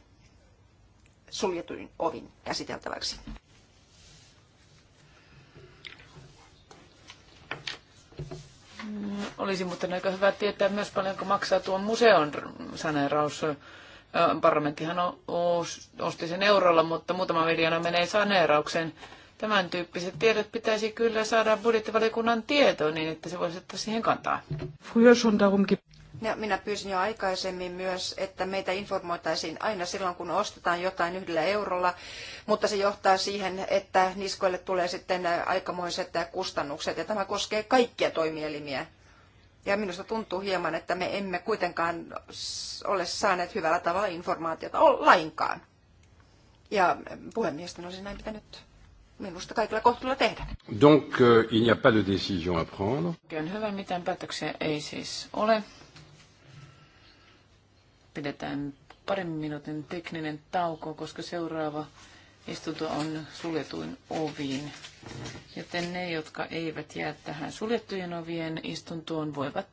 suljetuin ovin käsiteltäväksi. Mm, olisi muuten aika hyvä tietää myös paljonko maksaa tuon museon saneeraus. Parlamenttihan osti sen eurolla, mutta muutama miljoona menee saneeraukseen. Tämän tyyppiset tiedot pitäisi kyllä saada budjettivaliokunnan tietoon niin, että se voisi ottaa siihen kantaa. Ja minä pyysin jo aikaisemmin myös, että meitä informoitaisiin aina silloin, kun ostetaan jotain yhdellä eurolla, mutta se johtaa siihen, että niskoille tulee sitten aikamoiset kustannukset, ja tämä koskee kaikkia toimielimiä. Ja minusta tuntuu hieman, että me emme kuitenkaan ole saaneet hyvällä tavalla informaatiota lainkaan. Ja puhemiestä olisi näin pitänyt minusta kaikilla kohtuulla tehdä. Donc, euh, il n'y a pas de décision à prendre. Oikein hyvä, mitään päätöksiä ei siis ole. Pidetään parin minuutin tekninen tauko, koska seuraava istunto on suljetuin oviin. Joten ne, jotka eivät jää tähän suljettujen ovien istuntoon, voivat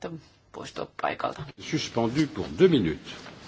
poistua paikalta. Suspendu pour deux minutes.